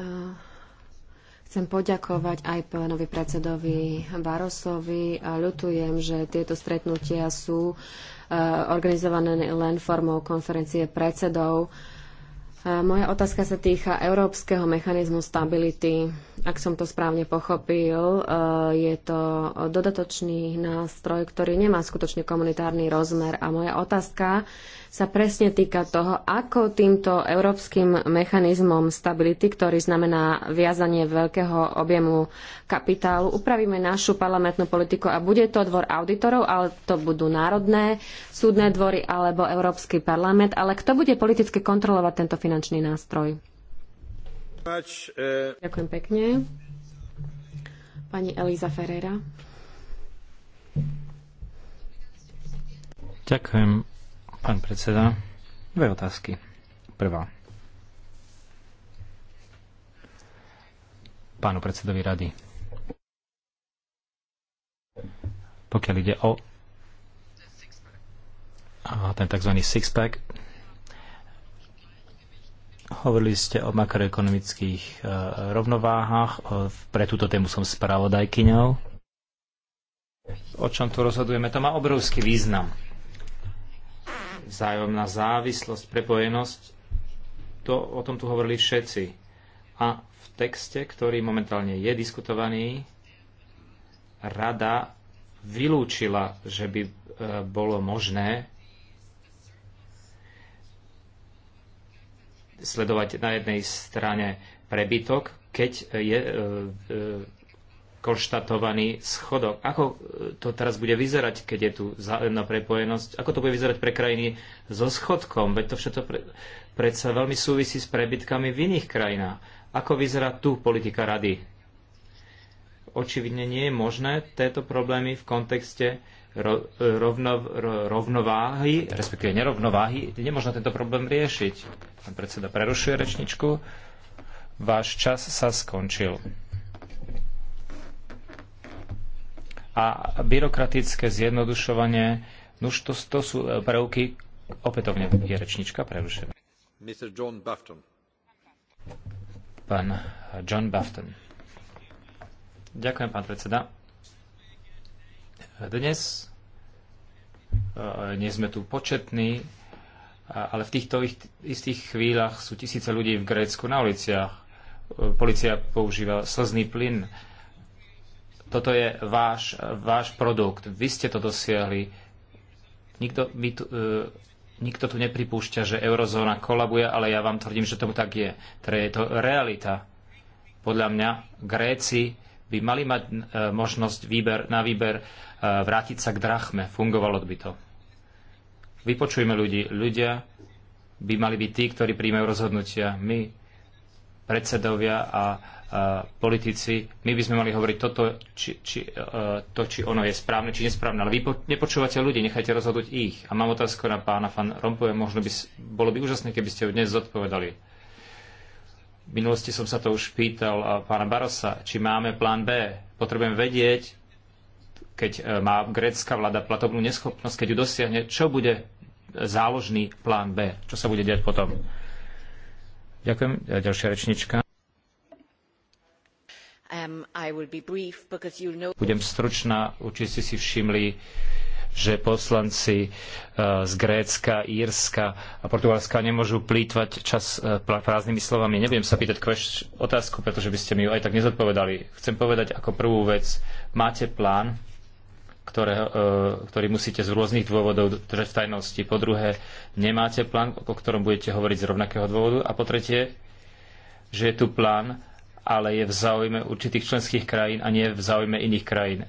Chcem poďakovať aj pánovi predsedovi Barosovi a ľutujem, že tieto stretnutia sú eh, organizované len formou konferencie predsedov. Moja otázka sa týka Európskeho mechanizmu stability. Ak som to správne pochopil, e, je to dodatočný nástroj, ktorý nemá skutočne komunitárny rozmer. A moja otázka sa presne týka toho, ako týmto európskym mechanizmom stability, ktorý znamená viazanie veľkého objemu kapitálu, upravíme našu parlamentnú politiku a bude to dvor auditorov, ale to budú národné súdne dvory alebo Európsky parlament. Ale kto bude politicky kontrolovať tento finančný finančný nástroj. Ďakujem pekne. Pani Eliza Ferreira. Ďakujem, pán predseda. Dve otázky. Prvá. Pánu predsedovi rady. Pokiaľ ide o a ten tzv. six-pack, Hovorili ste o makroekonomických e, rovnováhach. E, pre túto tému som spravodajkyňou. O čom tu rozhodujeme, to má obrovský význam. Zájomná závislosť, prepojenosť, to, o tom tu hovorili všetci. A v texte, ktorý momentálne je diskutovaný, rada vylúčila, že by e, bolo možné sledovať na jednej strane prebytok, keď je e, e, konštatovaný schodok. Ako e, to teraz bude vyzerať, keď je tu zájemná prepojenosť? Ako to bude vyzerať pre krajiny so schodkom? Veď to všetko pre, predsa veľmi súvisí s prebytkami v iných krajinách. Ako vyzerá tu politika rady? Očividne nie je možné tieto problémy v kontexte rovno, rovnováhy, respektíve nerovnováhy, nemožno tento problém riešiť. Pán predseda prerušuje rečničku. Váš čas sa skončil. A byrokratické zjednodušovanie, nuž to, to sú e, prvky, opätovne je rečnička prerušená. Mr. John Bafton. Pán John Bafton. Ďakujem, pán predseda dnes nie sme tu početní, ale v týchto istých chvíľach sú tisíce ľudí v Grécku na uliciach. Polícia používa slzný plyn. Toto je váš, váš produkt. Vy ste to dosiahli. Nikto, my tu, e, nikto tu nepripúšťa, že eurozóna kolabuje, ale ja vám tvrdím, že tomu tak je. Teda je to realita. Podľa mňa Gréci by mali mať e, možnosť výber, na výber e, vrátiť sa k drachme. Fungovalo by to. Vypočujme ľudí. Ľudia by mali byť tí, ktorí príjmajú rozhodnutia. My, predsedovia a e, politici, my by sme mali hovoriť toto, či, či, to, či ono je správne, či nesprávne. Ale vy po, nepočúvate ľudí, nechajte rozhodnúť ich. A mám otázku na pána Fan Rompuje. možno by, bolo by úžasné, keby ste ju dnes zodpovedali v minulosti som sa to už pýtal pána Barosa, či máme plán B. Potrebujem vedieť, keď e, má grécka vláda platobnú neschopnosť, keď ju dosiahne, čo bude záložný plán B, čo sa bude diať potom. Ďakujem. Ďalšia rečnička. Um, Budem stručná, určite ste si všimli, že poslanci e, z Grécka, Írska a Portugalska nemôžu plýtvať čas e, prázdnymi slovami. Nebudem sa pýtať otázku, pretože by ste mi ju aj tak nezodpovedali. Chcem povedať ako prvú vec, máte plán, e, ktorý musíte z rôznych dôvodov držať v tajnosti. Po druhé, nemáte plán, o ktorom budete hovoriť z rovnakého dôvodu. A po tretie, že je tu plán, ale je v záujme určitých členských krajín a nie v záujme iných krajín.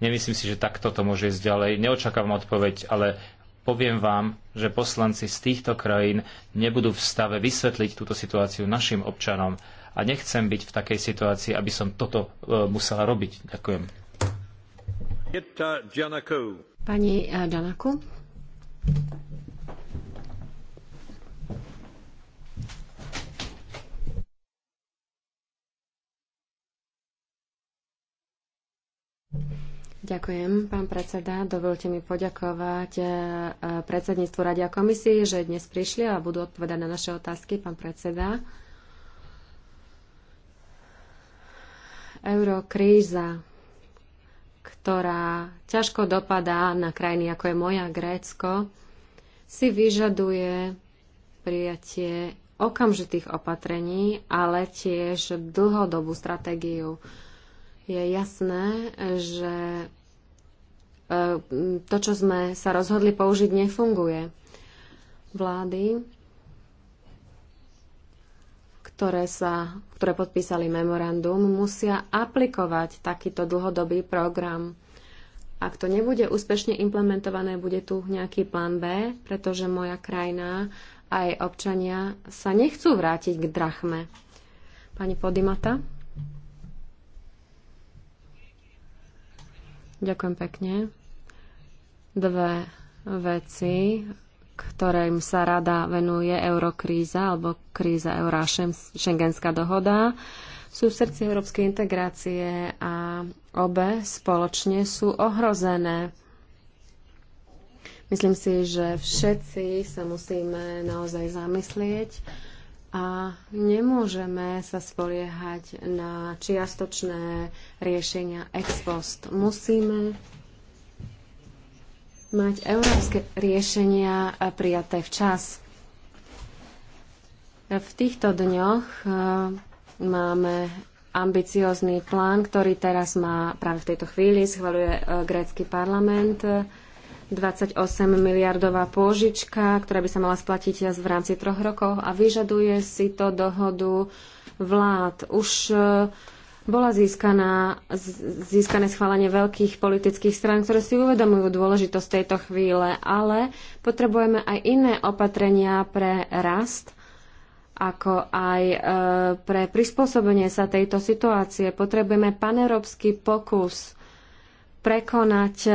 Nemyslím si, že takto to môže ísť ďalej. Neočakávam odpoveď, ale poviem vám, že poslanci z týchto krajín nebudú v stave vysvetliť túto situáciu našim občanom. A nechcem byť v takej situácii, aby som toto e, musela robiť. Ďakujem. Pani Danaku. E, Ďakujem, pán predseda. Dovolte mi poďakovať e, predsedníctvu Rady a komisii, že dnes prišli a budú odpovedať na naše otázky, pán predseda. Eurokríza, ktorá ťažko dopadá na krajiny ako je moja Grécko, si vyžaduje prijatie okamžitých opatrení, ale tiež dlhodobú stratégiu. Je jasné, že E, to, čo sme sa rozhodli použiť, nefunguje. Vlády, ktoré, sa, ktoré podpísali memorandum, musia aplikovať takýto dlhodobý program. Ak to nebude úspešne implementované, bude tu nejaký plán B, pretože moja krajina a jej občania sa nechcú vrátiť k drachme. Pani Podimata? Ďakujem pekne. Dve veci, ktorým sa rada venuje eurokríza alebo kríza eurá šengenská dohoda, sú v srdci európskej integrácie a obe spoločne sú ohrozené. Myslím si, že všetci sa musíme naozaj zamyslieť a nemôžeme sa spoliehať na čiastočné riešenia ex post. Musíme mať európske riešenia eh, prijaté včas. V týchto dňoch eh, máme ambiciózny plán, ktorý teraz má práve v tejto chvíli schvaľuje eh, grécky parlament 28 miliardová pôžička, ktorá by sa mala splatiť v rámci troch rokov a vyžaduje si to dohodu vlád. Už eh, bola získaná, získané schválenie veľkých politických strán, ktoré si uvedomujú dôležitosť tejto chvíle, ale potrebujeme aj iné opatrenia pre rast, ako aj e, pre prispôsobenie sa tejto situácie. Potrebujeme panerópsky pokus prekonať e,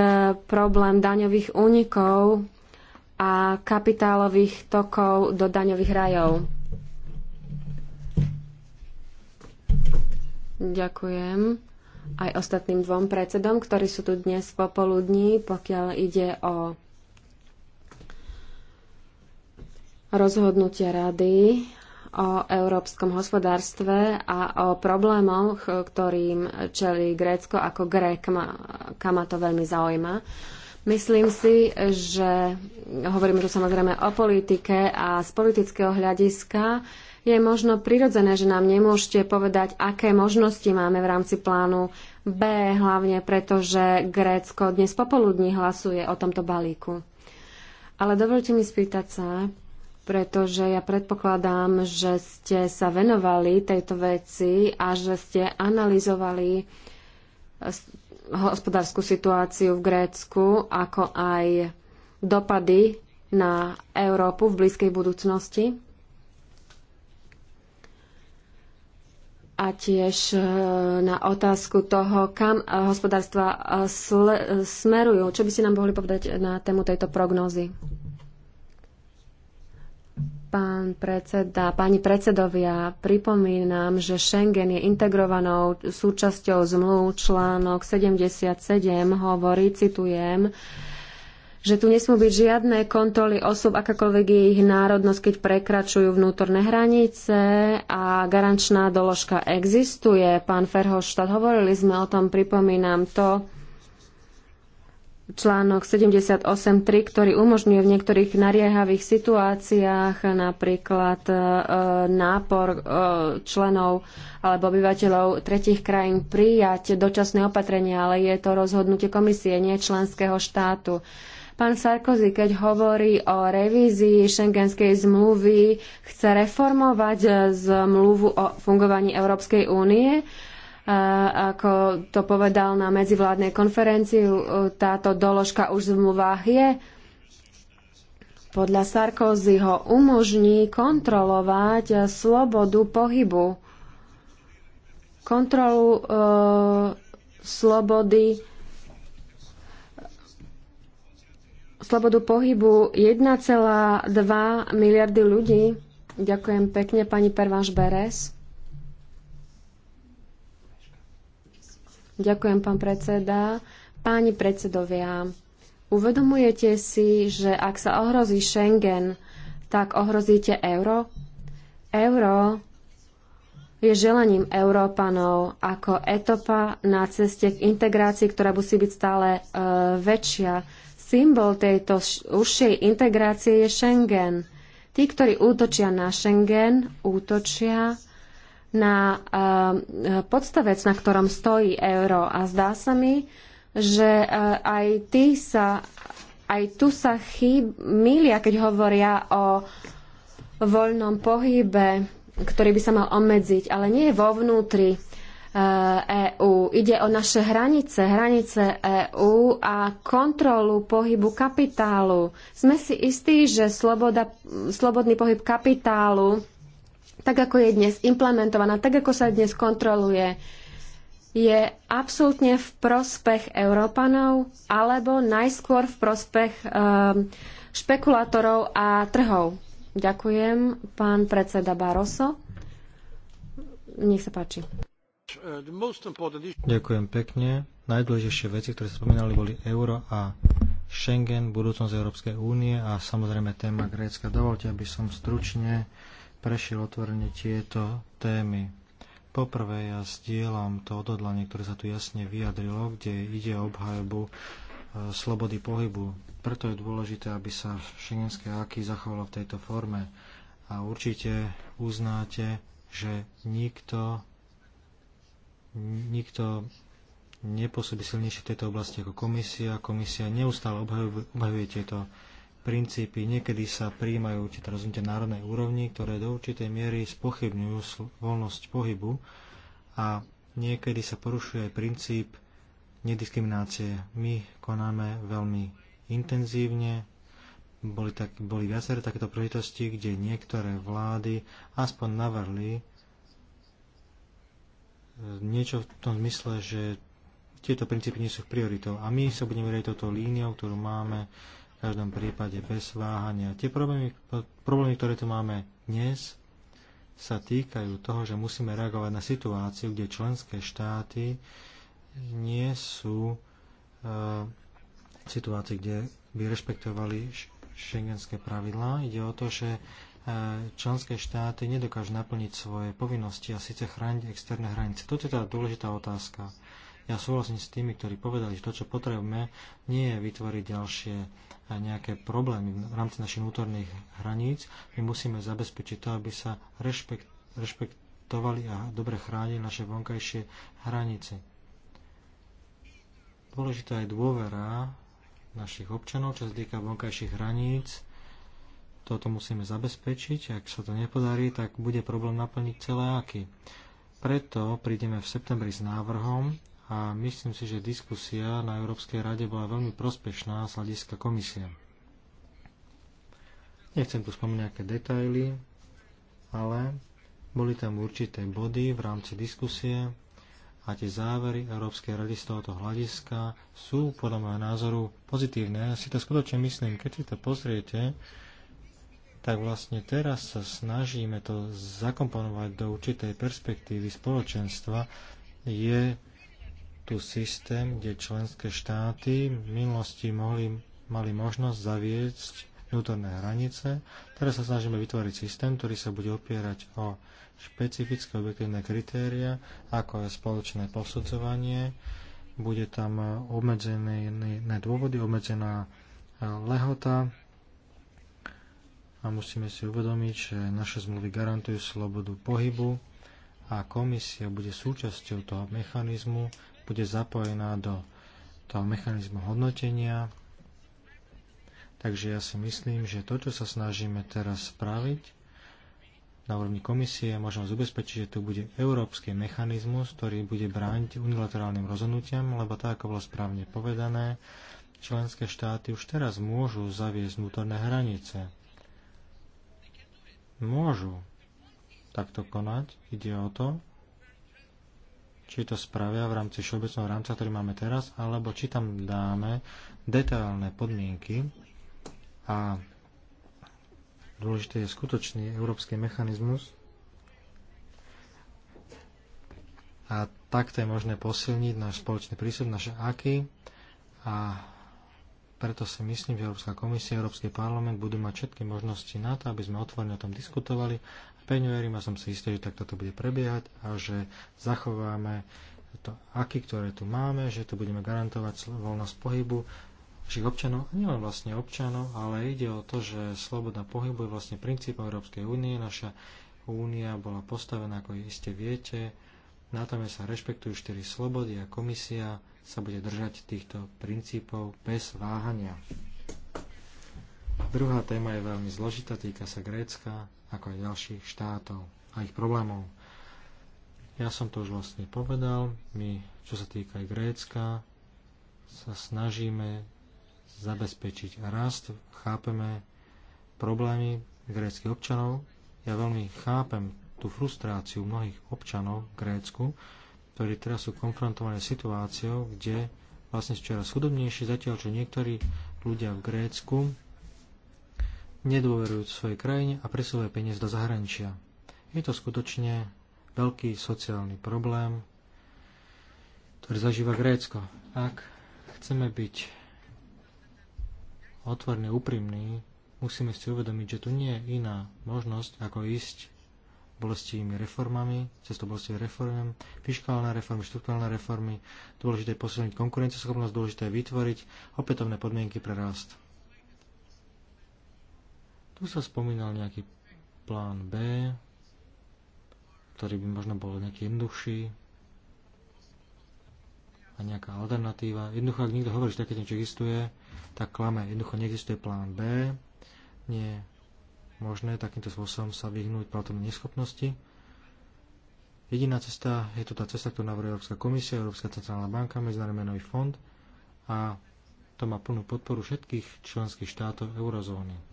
problém daňových únikov a kapitálových tokov do daňových rajov. Ďakujem aj ostatným dvom predsedom, ktorí sú tu dnes popoludní, pokiaľ ide o rozhodnutie rady o európskom hospodárstve a o problémoch, ktorým čelí Grécko ako Grék, kam ma to veľmi zaujíma. Myslím si, že hovoríme tu samozrejme o politike a z politického hľadiska je možno prirodzené, že nám nemôžete povedať, aké možnosti máme v rámci plánu B, hlavne preto, že Grécko dnes popoludní hlasuje o tomto balíku. Ale dovolte mi spýtať sa, pretože ja predpokladám, že ste sa venovali tejto veci a že ste analyzovali eh, hospodárskú situáciu v Grécku, ako aj dopady na Európu v blízkej budúcnosti. A tiež eh, na otázku toho, kam eh, hospodárstva smerujú. Čo by ste nám mohli povedať na tému tejto prognózy? Pán predseda, páni predsedovia, pripomínam, že Schengen je integrovanou súčasťou zmluv článok 77 hovorí, citujem, že tu nesmú byť žiadne kontroly osob, akákoľvek je ich národnosť, keď prekračujú vnútorné hranice a garančná doložka existuje. Pán Ferhoštad, hovorili sme o tom, pripomínam to, článok 78.3, ktorý umožňuje v niektorých nariehavých situáciách napríklad e, nápor e, členov alebo obyvateľov tretich krajín prijať dočasné opatrenia, ale je to rozhodnutie komisie, nie členského štátu. Pán Sarkozy, keď hovorí o revízii šengenskej zmluvy, chce reformovať e, zmluvu o fungovaní Európskej únie ako to povedal na medzivládnej konferencii, táto doložka už v mluvách je. Podľa Sarkozy ho umožní kontrolovať slobodu pohybu, kontrolu e, slobody slobodu pohybu 1,2 miliardy ľudí. Ďakujem pekne, pani Pervanš Beres. Ďakujem, pán predseda. Páni predsedovia, uvedomujete si, že ak sa ohrozí Schengen, tak ohrozíte euro? Euro je želaním Európanov ako etopa na ceste k integrácii, ktorá musí byť stále e, väčšia. Symbol tejto užšej integrácie je Schengen. Tí, ktorí útočia na Schengen, útočia na eh, podstavec, na ktorom stojí euro. A zdá sa mi, že eh, aj, sa, aj tu sa chýb, milia, keď hovoria o voľnom pohybe, ktorý by sa mal obmedziť, ale nie je vo vnútri EÚ. Eh, e Ide o naše hranice, hranice EÚ a kontrolu pohybu kapitálu. Sme si istí, že sloboda, slobodný pohyb kapitálu tak ako je dnes implementovaná, tak ako sa dnes kontroluje, je absolútne v prospech Európanov alebo najskôr v prospech um, špekulátorov a trhov. Ďakujem, pán predseda Barroso. Nech sa páči. Ďakujem pekne. Najdôležitejšie veci, ktoré sa spomínali, boli euro a Schengen, budúcnosť Európskej únie a samozrejme téma Grécka. Dovolte, aby som stručne prešiel otvorene tieto témy. Poprvé ja sdielam to odhodlanie, ktoré sa tu jasne vyjadrilo, kde ide o obhajobu e, slobody pohybu. Preto je dôležité, aby sa šengenské aky zachovalo v tejto forme. A určite uznáte, že nikto, nikto nepôsobí silnejšie v tejto oblasti ako komisia. Komisia neustále obhajuje tieto princípy. Niekedy sa príjmajú určité rozhodnutia národnej úrovni, ktoré do určitej miery spochybňujú voľnosť pohybu a niekedy sa porušuje aj princíp nediskriminácie. My konáme veľmi intenzívne, boli, tak, boli viaceré takéto príležitosti, kde niektoré vlády aspoň navrli e, niečo v tom zmysle, že tieto princípy nie sú prioritou. A my sa budeme riadiť touto líniou, ktorú máme v každom prípade bez váhania. Tie problémy, problémy ktoré tu máme dnes, sa týkajú toho, že musíme reagovať na situáciu, kde členské štáty nie sú e, v situácii, kde by rešpektovali šengenské pravidlá. Ide o to, že e, členské štáty nedokážu naplniť svoje povinnosti a síce chrániť externé hranice. Toto je tá teda dôležitá otázka. Ja súhlasím s tými, ktorí povedali, že to, čo potrebujeme, nie je vytvoriť ďalšie eh, nejaké problémy v rámci našich vnútorných hraníc. My musíme zabezpečiť to, aby sa rešpekt, rešpektovali a dobre chránili naše vonkajšie hranice. Dôležitá je dôvera našich občanov, čo sa týka vonkajších hraníc. Toto musíme zabezpečiť. Ak sa to nepodarí, tak bude problém naplniť celé aky. Preto prídeme v septembri s návrhom, a myslím si, že diskusia na Európskej rade bola veľmi prospešná z hľadiska komisie. Nechcem tu spomínať nejaké detaily, ale boli tam určité body v rámci diskusie a tie závery Európskej rady z tohoto hľadiska sú podľa môjho názoru pozitívne. Ja si to skutočne myslím, keď si to pozriete, tak vlastne teraz sa snažíme to zakomponovať do určitej perspektívy spoločenstva, je tu systém, kde členské štáty v minulosti mohli, mali možnosť zaviesť vnútorné hranice. Teraz sa snažíme vytvoriť systém, ktorý sa bude opierať o špecifické objektívne kritéria, ako je spoločné posudzovanie, bude tam obmedzené dôvody, obmedzená e, lehota a musíme si uvedomiť, že naše zmluvy garantujú slobodu pohybu a komisia bude súčasťou toho mechanizmu, bude zapojená do toho mechanizmu hodnotenia. Takže ja si myslím, že to, čo sa snažíme teraz spraviť na úrovni komisie, môžem vás ubezpečiť, že tu bude európsky mechanizmus, ktorý bude brániť unilaterálnym rozhodnutiam, lebo tak, ako bolo správne povedané, členské štáty už teraz môžu zaviesť vnútorné hranice. Môžu takto konať. Ide o to, či to spravia v rámci všeobecného rámca, ktorý máme teraz, alebo či tam dáme detailné podmienky a dôležitý je skutočný európsky mechanizmus a takto je možné posilniť náš spoločný prístup, naše aky a preto si myslím, že Európska komisia, Európsky parlament budú mať všetky možnosti na to, aby sme otvorene o tom diskutovali pevne verím a som si istý, že takto to bude prebiehať a že zachováme to aky, ktoré tu máme, že tu budeme garantovať voľnosť pohybu našich občanov, nielen vlastne občanov, ale ide o to, že sloboda pohybu je vlastne princíp Európskej únie. Naša únia bola postavená, ako iste viete, na tom sa rešpektujú štyri slobody a komisia sa bude držať týchto princípov bez váhania. Druhá téma je veľmi zložitá, týka sa Grécka, ako aj ďalších štátov a ich problémov. Ja som to už vlastne povedal, my, čo sa týka aj Grécka, sa snažíme zabezpečiť rast, chápeme problémy gréckych občanov. Ja veľmi chápem tú frustráciu mnohých občanov v Grécku, ktorí teraz sú konfrontovaní situáciou, kde vlastne čoraz chudobnejší, zatiaľ čo niektorí ľudia v Grécku nedôverujú svojej krajine a presúvajú peniaze do zahraničia. Je to skutočne veľký sociálny problém, ktorý zažíva Grécko. Ak chceme byť otvorne úprimní, musíme si uvedomiť, že tu nie je iná možnosť, ako ísť bolestivými reformami, cesto bolestivých reform, fiskálne reformy, štruktúrne reformy, dôležité je posilniť konkurencieschopnosť, dôležité je vytvoriť opätovné podmienky pre rast. Tu sa spomínal nejaký plán B, ktorý by možno bol nejaký jednoduchší a nejaká alternatíva. Jednoducho, ak niekto hovorí, že také niečo existuje, tak klame. Jednoducho neexistuje plán B, nie je možné takýmto spôsobom sa vyhnúť platovnej neschopnosti. Jediná cesta je to tá cesta, ktorú navrhuje Európska komisia, Európska centrálna banka, Medzinárodný menový fond a to má plnú podporu všetkých členských štátov eurozóny.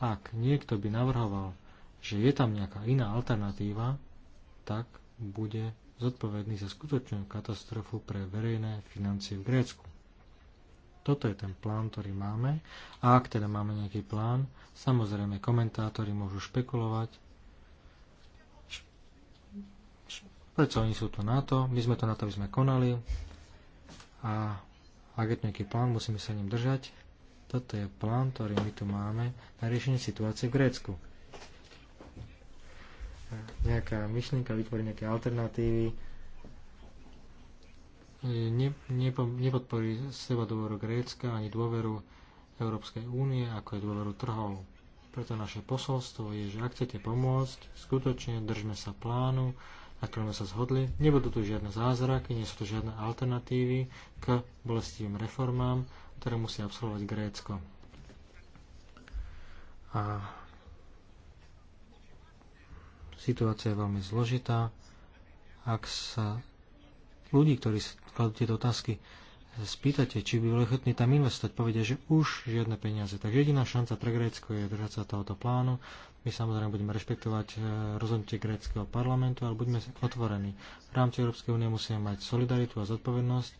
Ak niekto by navrhoval, že je tam nejaká iná alternatíva, tak bude zodpovedný za skutočnú katastrofu pre verejné financie v Grécku. Toto je ten plán, ktorý máme a ak teda máme nejaký plán, samozrejme komentátori môžu špekulovať. Prečo oni sú tu na to? My sme to na to, aby sme konali a ak je to nejaký plán, musíme sa ním držať. Toto je plán, ktorý my tu máme na riešenie situácie v Grécku. Nejaká myšlienka vytvorí nejaké alternatívy, e, ne, nepo, nepodporí seba dôveru Grécka ani dôveru Európskej únie, ako je dôveru trhov. Preto naše posolstvo je, že ak chcete pomôcť, skutočne držme sa plánu, na ktorom sa zhodli. Nebudú tu žiadne zázraky, nie sú tu žiadne alternatívy k bolestivým reformám, ktoré musí absolvovať Grécko. A situácia je veľmi zložitá. Ak sa ľudí, ktorí kladú tieto otázky, spýtate, či by boli ochotní tam investovať, povedia, že už žiadne peniaze. Takže jediná šanca pre Grécko je držať sa tohoto plánu. My samozrejme budeme rešpektovať e, rozhodnutie gréckého parlamentu, ale buďme otvorení. V rámci Európskej únie musíme mať solidaritu a zodpovednosť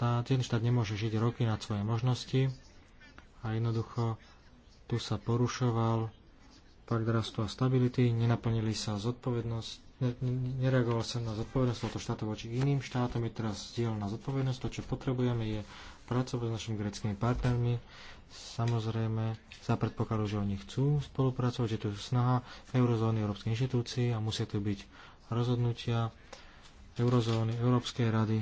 štát, jeden štát nemôže žiť roky nad svoje možnosti a jednoducho tu sa porušoval pakt rastu a stability, nenaplnili sa zodpovednosť, ne, nereagoval sa na zodpovednosť tohto štátu voči iným štátom, je teraz zdieľaná zodpovednosť, to čo potrebujeme je pracovať s našimi greckými partnermi, samozrejme za predpokladu, že oni chcú spolupracovať, že tu je snaha eurozóny, európskej inštitúcií a musia tu byť rozhodnutia eurozóny, Európskej rady,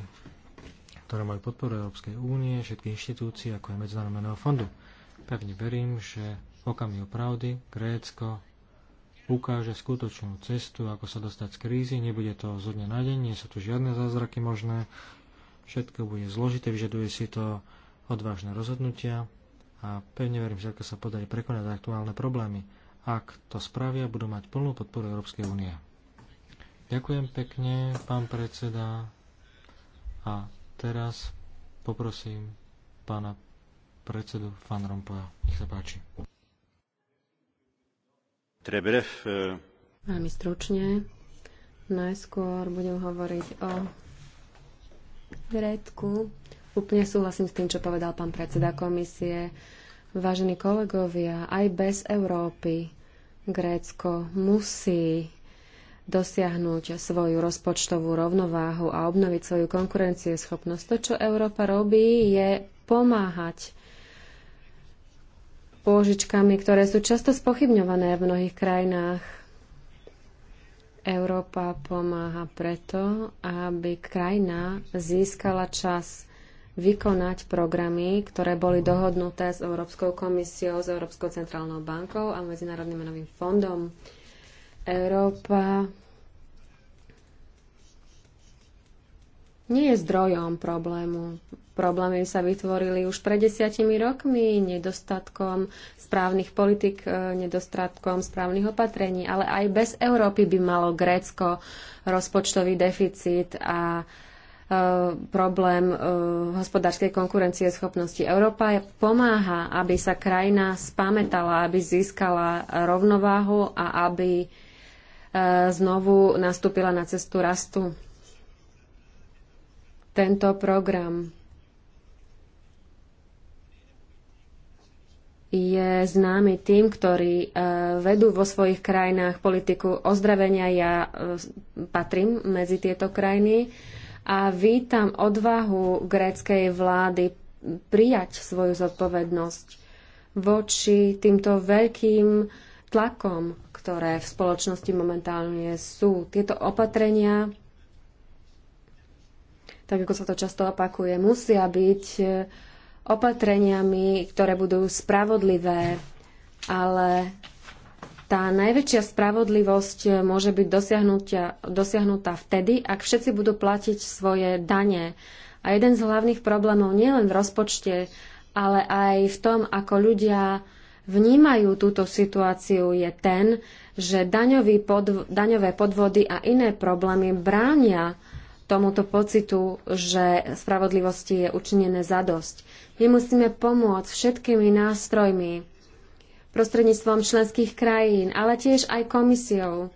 ktoré majú podporu Európskej únie, všetky inštitúcie, ako aj Medzinárodného fondu. Pevne verím, že v okamihu pravdy Grécko ukáže skutočnú cestu, ako sa dostať z krízy. Nebude to zo dňa na deň, nie sú tu žiadne zázraky možné. Všetko bude zložité, vyžaduje si to odvážne rozhodnutia a pevne verím, že sa podarí prekonať aktuálne problémy. Ak to spravia, budú mať plnú podporu Európskej únie. Ďakujem pekne, pán predseda. A Teraz poprosím pána predsedu Van Rompuya. Nech sa páči. Trebrev. Euh, Veľmi stručne. Najskôr budem hovoriť o Grétku. Úplne súhlasím s tým, čo povedal pán predseda komisie. Vážení kolegovia, aj bez Európy Grécko musí dosiahnuť svoju rozpočtovú rovnováhu a obnoviť svoju konkurencieschopnosť. To, čo Európa robí, je pomáhať pôžičkami, ktoré sú často spochybňované v mnohých krajinách. Európa pomáha preto, aby krajina získala čas vykonať programy, ktoré boli dohodnuté s Európskou komisiou, s Európskou centrálnou bankou a Medzinárodným menovým fondom. Európa nie je zdrojom problému. Problémy sa vytvorili už pred desiatimi rokmi nedostatkom správnych politik, e, nedostatkom správnych opatrení, ale aj bez Európy by malo Grécko rozpočtový deficit a e, problém e, hospodárskej konkurencie schopnosti. Európa pomáha, aby sa krajina spametala, aby získala rovnováhu a aby Eh, znovu nastúpila na cestu rastu. Tento program je známy tým, ktorí eh, vedú vo svojich krajinách politiku ozdravenia. Ja eh, patrím medzi tieto krajiny a vítam odvahu gréckej vlády prijať svoju zodpovednosť voči týmto veľkým tlakom ktoré v spoločnosti momentálne sú. Tieto opatrenia, tak ako sa to často opakuje, musia byť eh, opatreniami, ktoré budú spravodlivé, ale tá najväčšia spravodlivosť eh, môže byť dosiahnutá vtedy, ak všetci budú platiť svoje dane. A jeden z hlavných problémov nielen v rozpočte, ale aj v tom, ako ľudia vnímajú túto situáciu, je ten, že podv- daňové podvody a iné problémy bránia tomuto pocitu, že spravodlivosti je učinené dosť. My musíme pomôcť všetkými nástrojmi, prostredníctvom členských krajín, ale tiež aj komisiou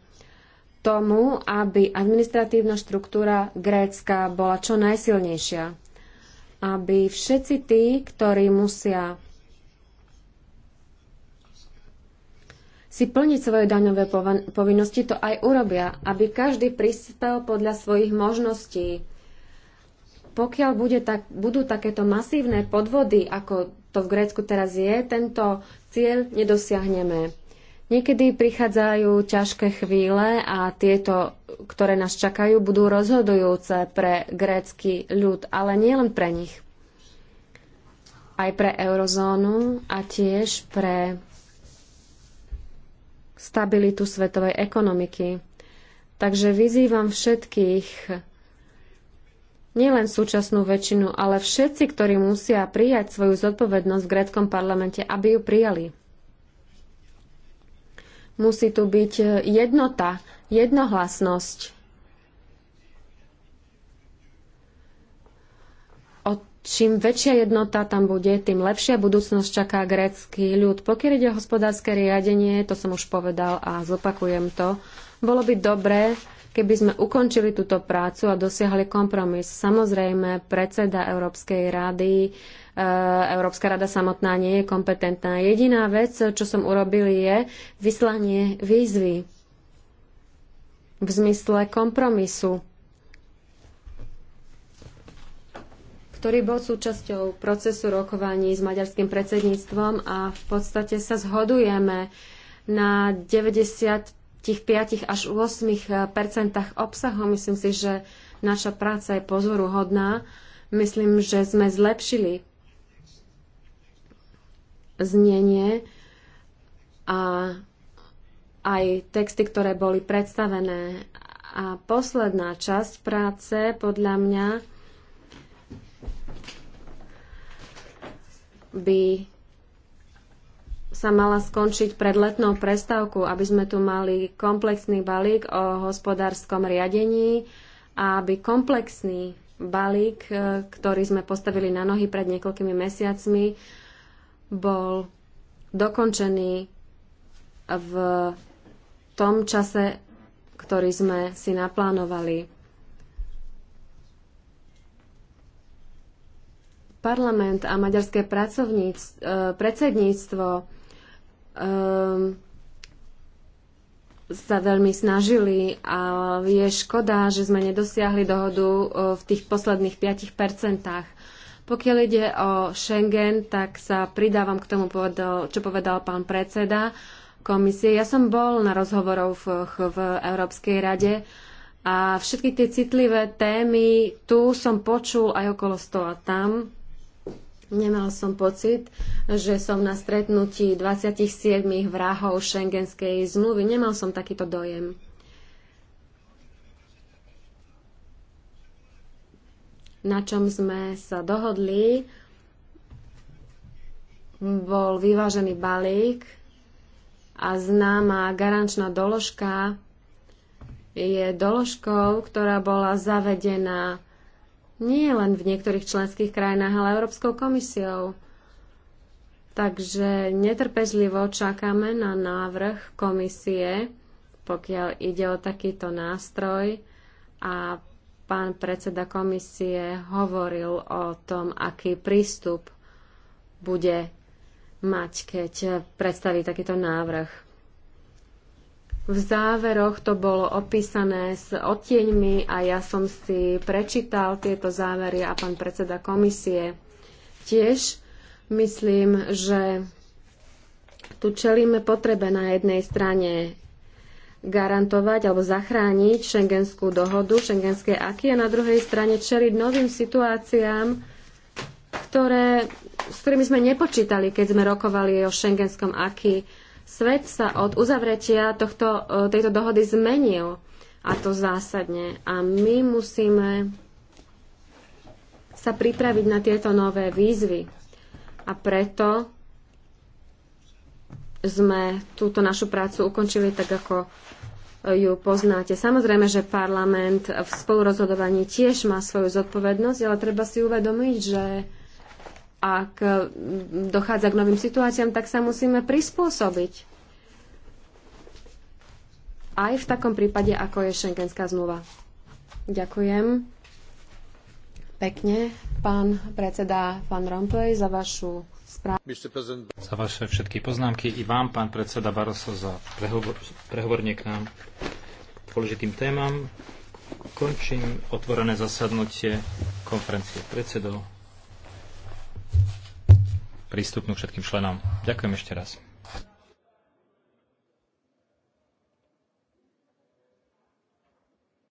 tomu, aby administratívna štruktúra Grécka bola čo najsilnejšia. Aby všetci tí, ktorí musia si plniť svoje daňové povinnosti, to aj urobia, aby každý prispel podľa svojich možností. Pokiaľ bude tak, budú takéto masívne podvody, ako to v Grécku teraz je, tento cieľ nedosiahneme. Niekedy prichádzajú ťažké chvíle a tieto, ktoré nás čakajú, budú rozhodujúce pre grécky ľud, ale nielen pre nich. Aj pre eurozónu a tiež pre stabilitu svetovej ekonomiky. Takže vyzývam všetkých, nielen súčasnú väčšinu, ale všetci, ktorí musia prijať svoju zodpovednosť v gréckom parlamente, aby ju prijali. Musí tu byť jednota, jednohlasnosť Čím väčšia jednota tam bude, tým lepšia budúcnosť čaká grécky ľud. Pokiaľ ide o hospodárske riadenie, to som už povedal a zopakujem to, bolo by dobré, keby sme ukončili túto prácu a dosiahli kompromis. Samozrejme, predseda Európskej rady, e, Európska rada samotná nie je kompetentná. Jediná vec, čo som urobil, je vyslanie výzvy v zmysle kompromisu ktorý bol súčasťou procesu rokovaní s maďarským predsedníctvom a v podstate sa zhodujeme na 95 až 8 percentách obsahu. Myslím si, že naša práca je pozoruhodná. Myslím, že sme zlepšili znenie a aj texty, ktoré boli predstavené. A posledná časť práce podľa mňa by sa mala skončiť pred letnou prestávku, aby sme tu mali komplexný balík o hospodárskom riadení a aby komplexný balík, e, ktorý sme postavili na nohy pred niekoľkými mesiacmi, bol dokončený v tom čase, ktorý sme si naplánovali. parlament a maďarské e, predsedníctvo e, sa veľmi snažili a je škoda, že sme nedosiahli dohodu e, v tých posledných 5%. Pokiaľ ide o Schengen, tak sa pridávam k tomu, čo povedal pán predseda komisie. Ja som bol na rozhovoroch v Európskej rade a všetky tie citlivé témy tu som počul aj okolo stola tam. Nemal som pocit, že som na stretnutí 27 vrahov šengenskej zmluvy. Nemal som takýto dojem. Na čom sme sa dohodli, bol vyvážený balík a známa garančná doložka je doložkou, ktorá bola zavedená nie len v niektorých členských krajinách, ale Európskou komisiou. Takže netrpezlivo čakáme na návrh komisie, pokiaľ ide o takýto nástroj a pán predseda komisie hovoril o tom, aký prístup bude mať, keď predstaví takýto návrh. V záveroch to bolo opísané s odtieňmi a ja som si prečítal tieto závery a pán predseda komisie tiež. Myslím, že tu čelíme potrebe na jednej strane garantovať alebo zachrániť šengenskú dohodu, šengenské aky a na druhej strane čeliť novým situáciám, ktoré, s ktorými sme nepočítali, keď sme rokovali o šengenskom aky. Svet sa od uzavretia tohto, e, tejto dohody zmenil a to zásadne. A my musíme sa pripraviť na tieto nové výzvy. A preto sme túto našu prácu ukončili tak, ako ju poznáte. Samozrejme, že parlament v spolurozhodovaní tiež má svoju zodpovednosť, ale treba si uvedomiť, že ak e, dochádza k novým situáciám, tak sa musíme prispôsobiť. Aj v takom prípade, ako je šengenská zmluva. Ďakujem pekne, pán predseda pán Rompuy, za vašu správu. Za vaše všetky poznámky i vám, pán predseda Barroso, za prehovor, prehovorne k nám k dôležitým témam. Končím otvorené zasadnutie konferencie predsedov prístupnú všetkým členom. Ďakujem ešte raz.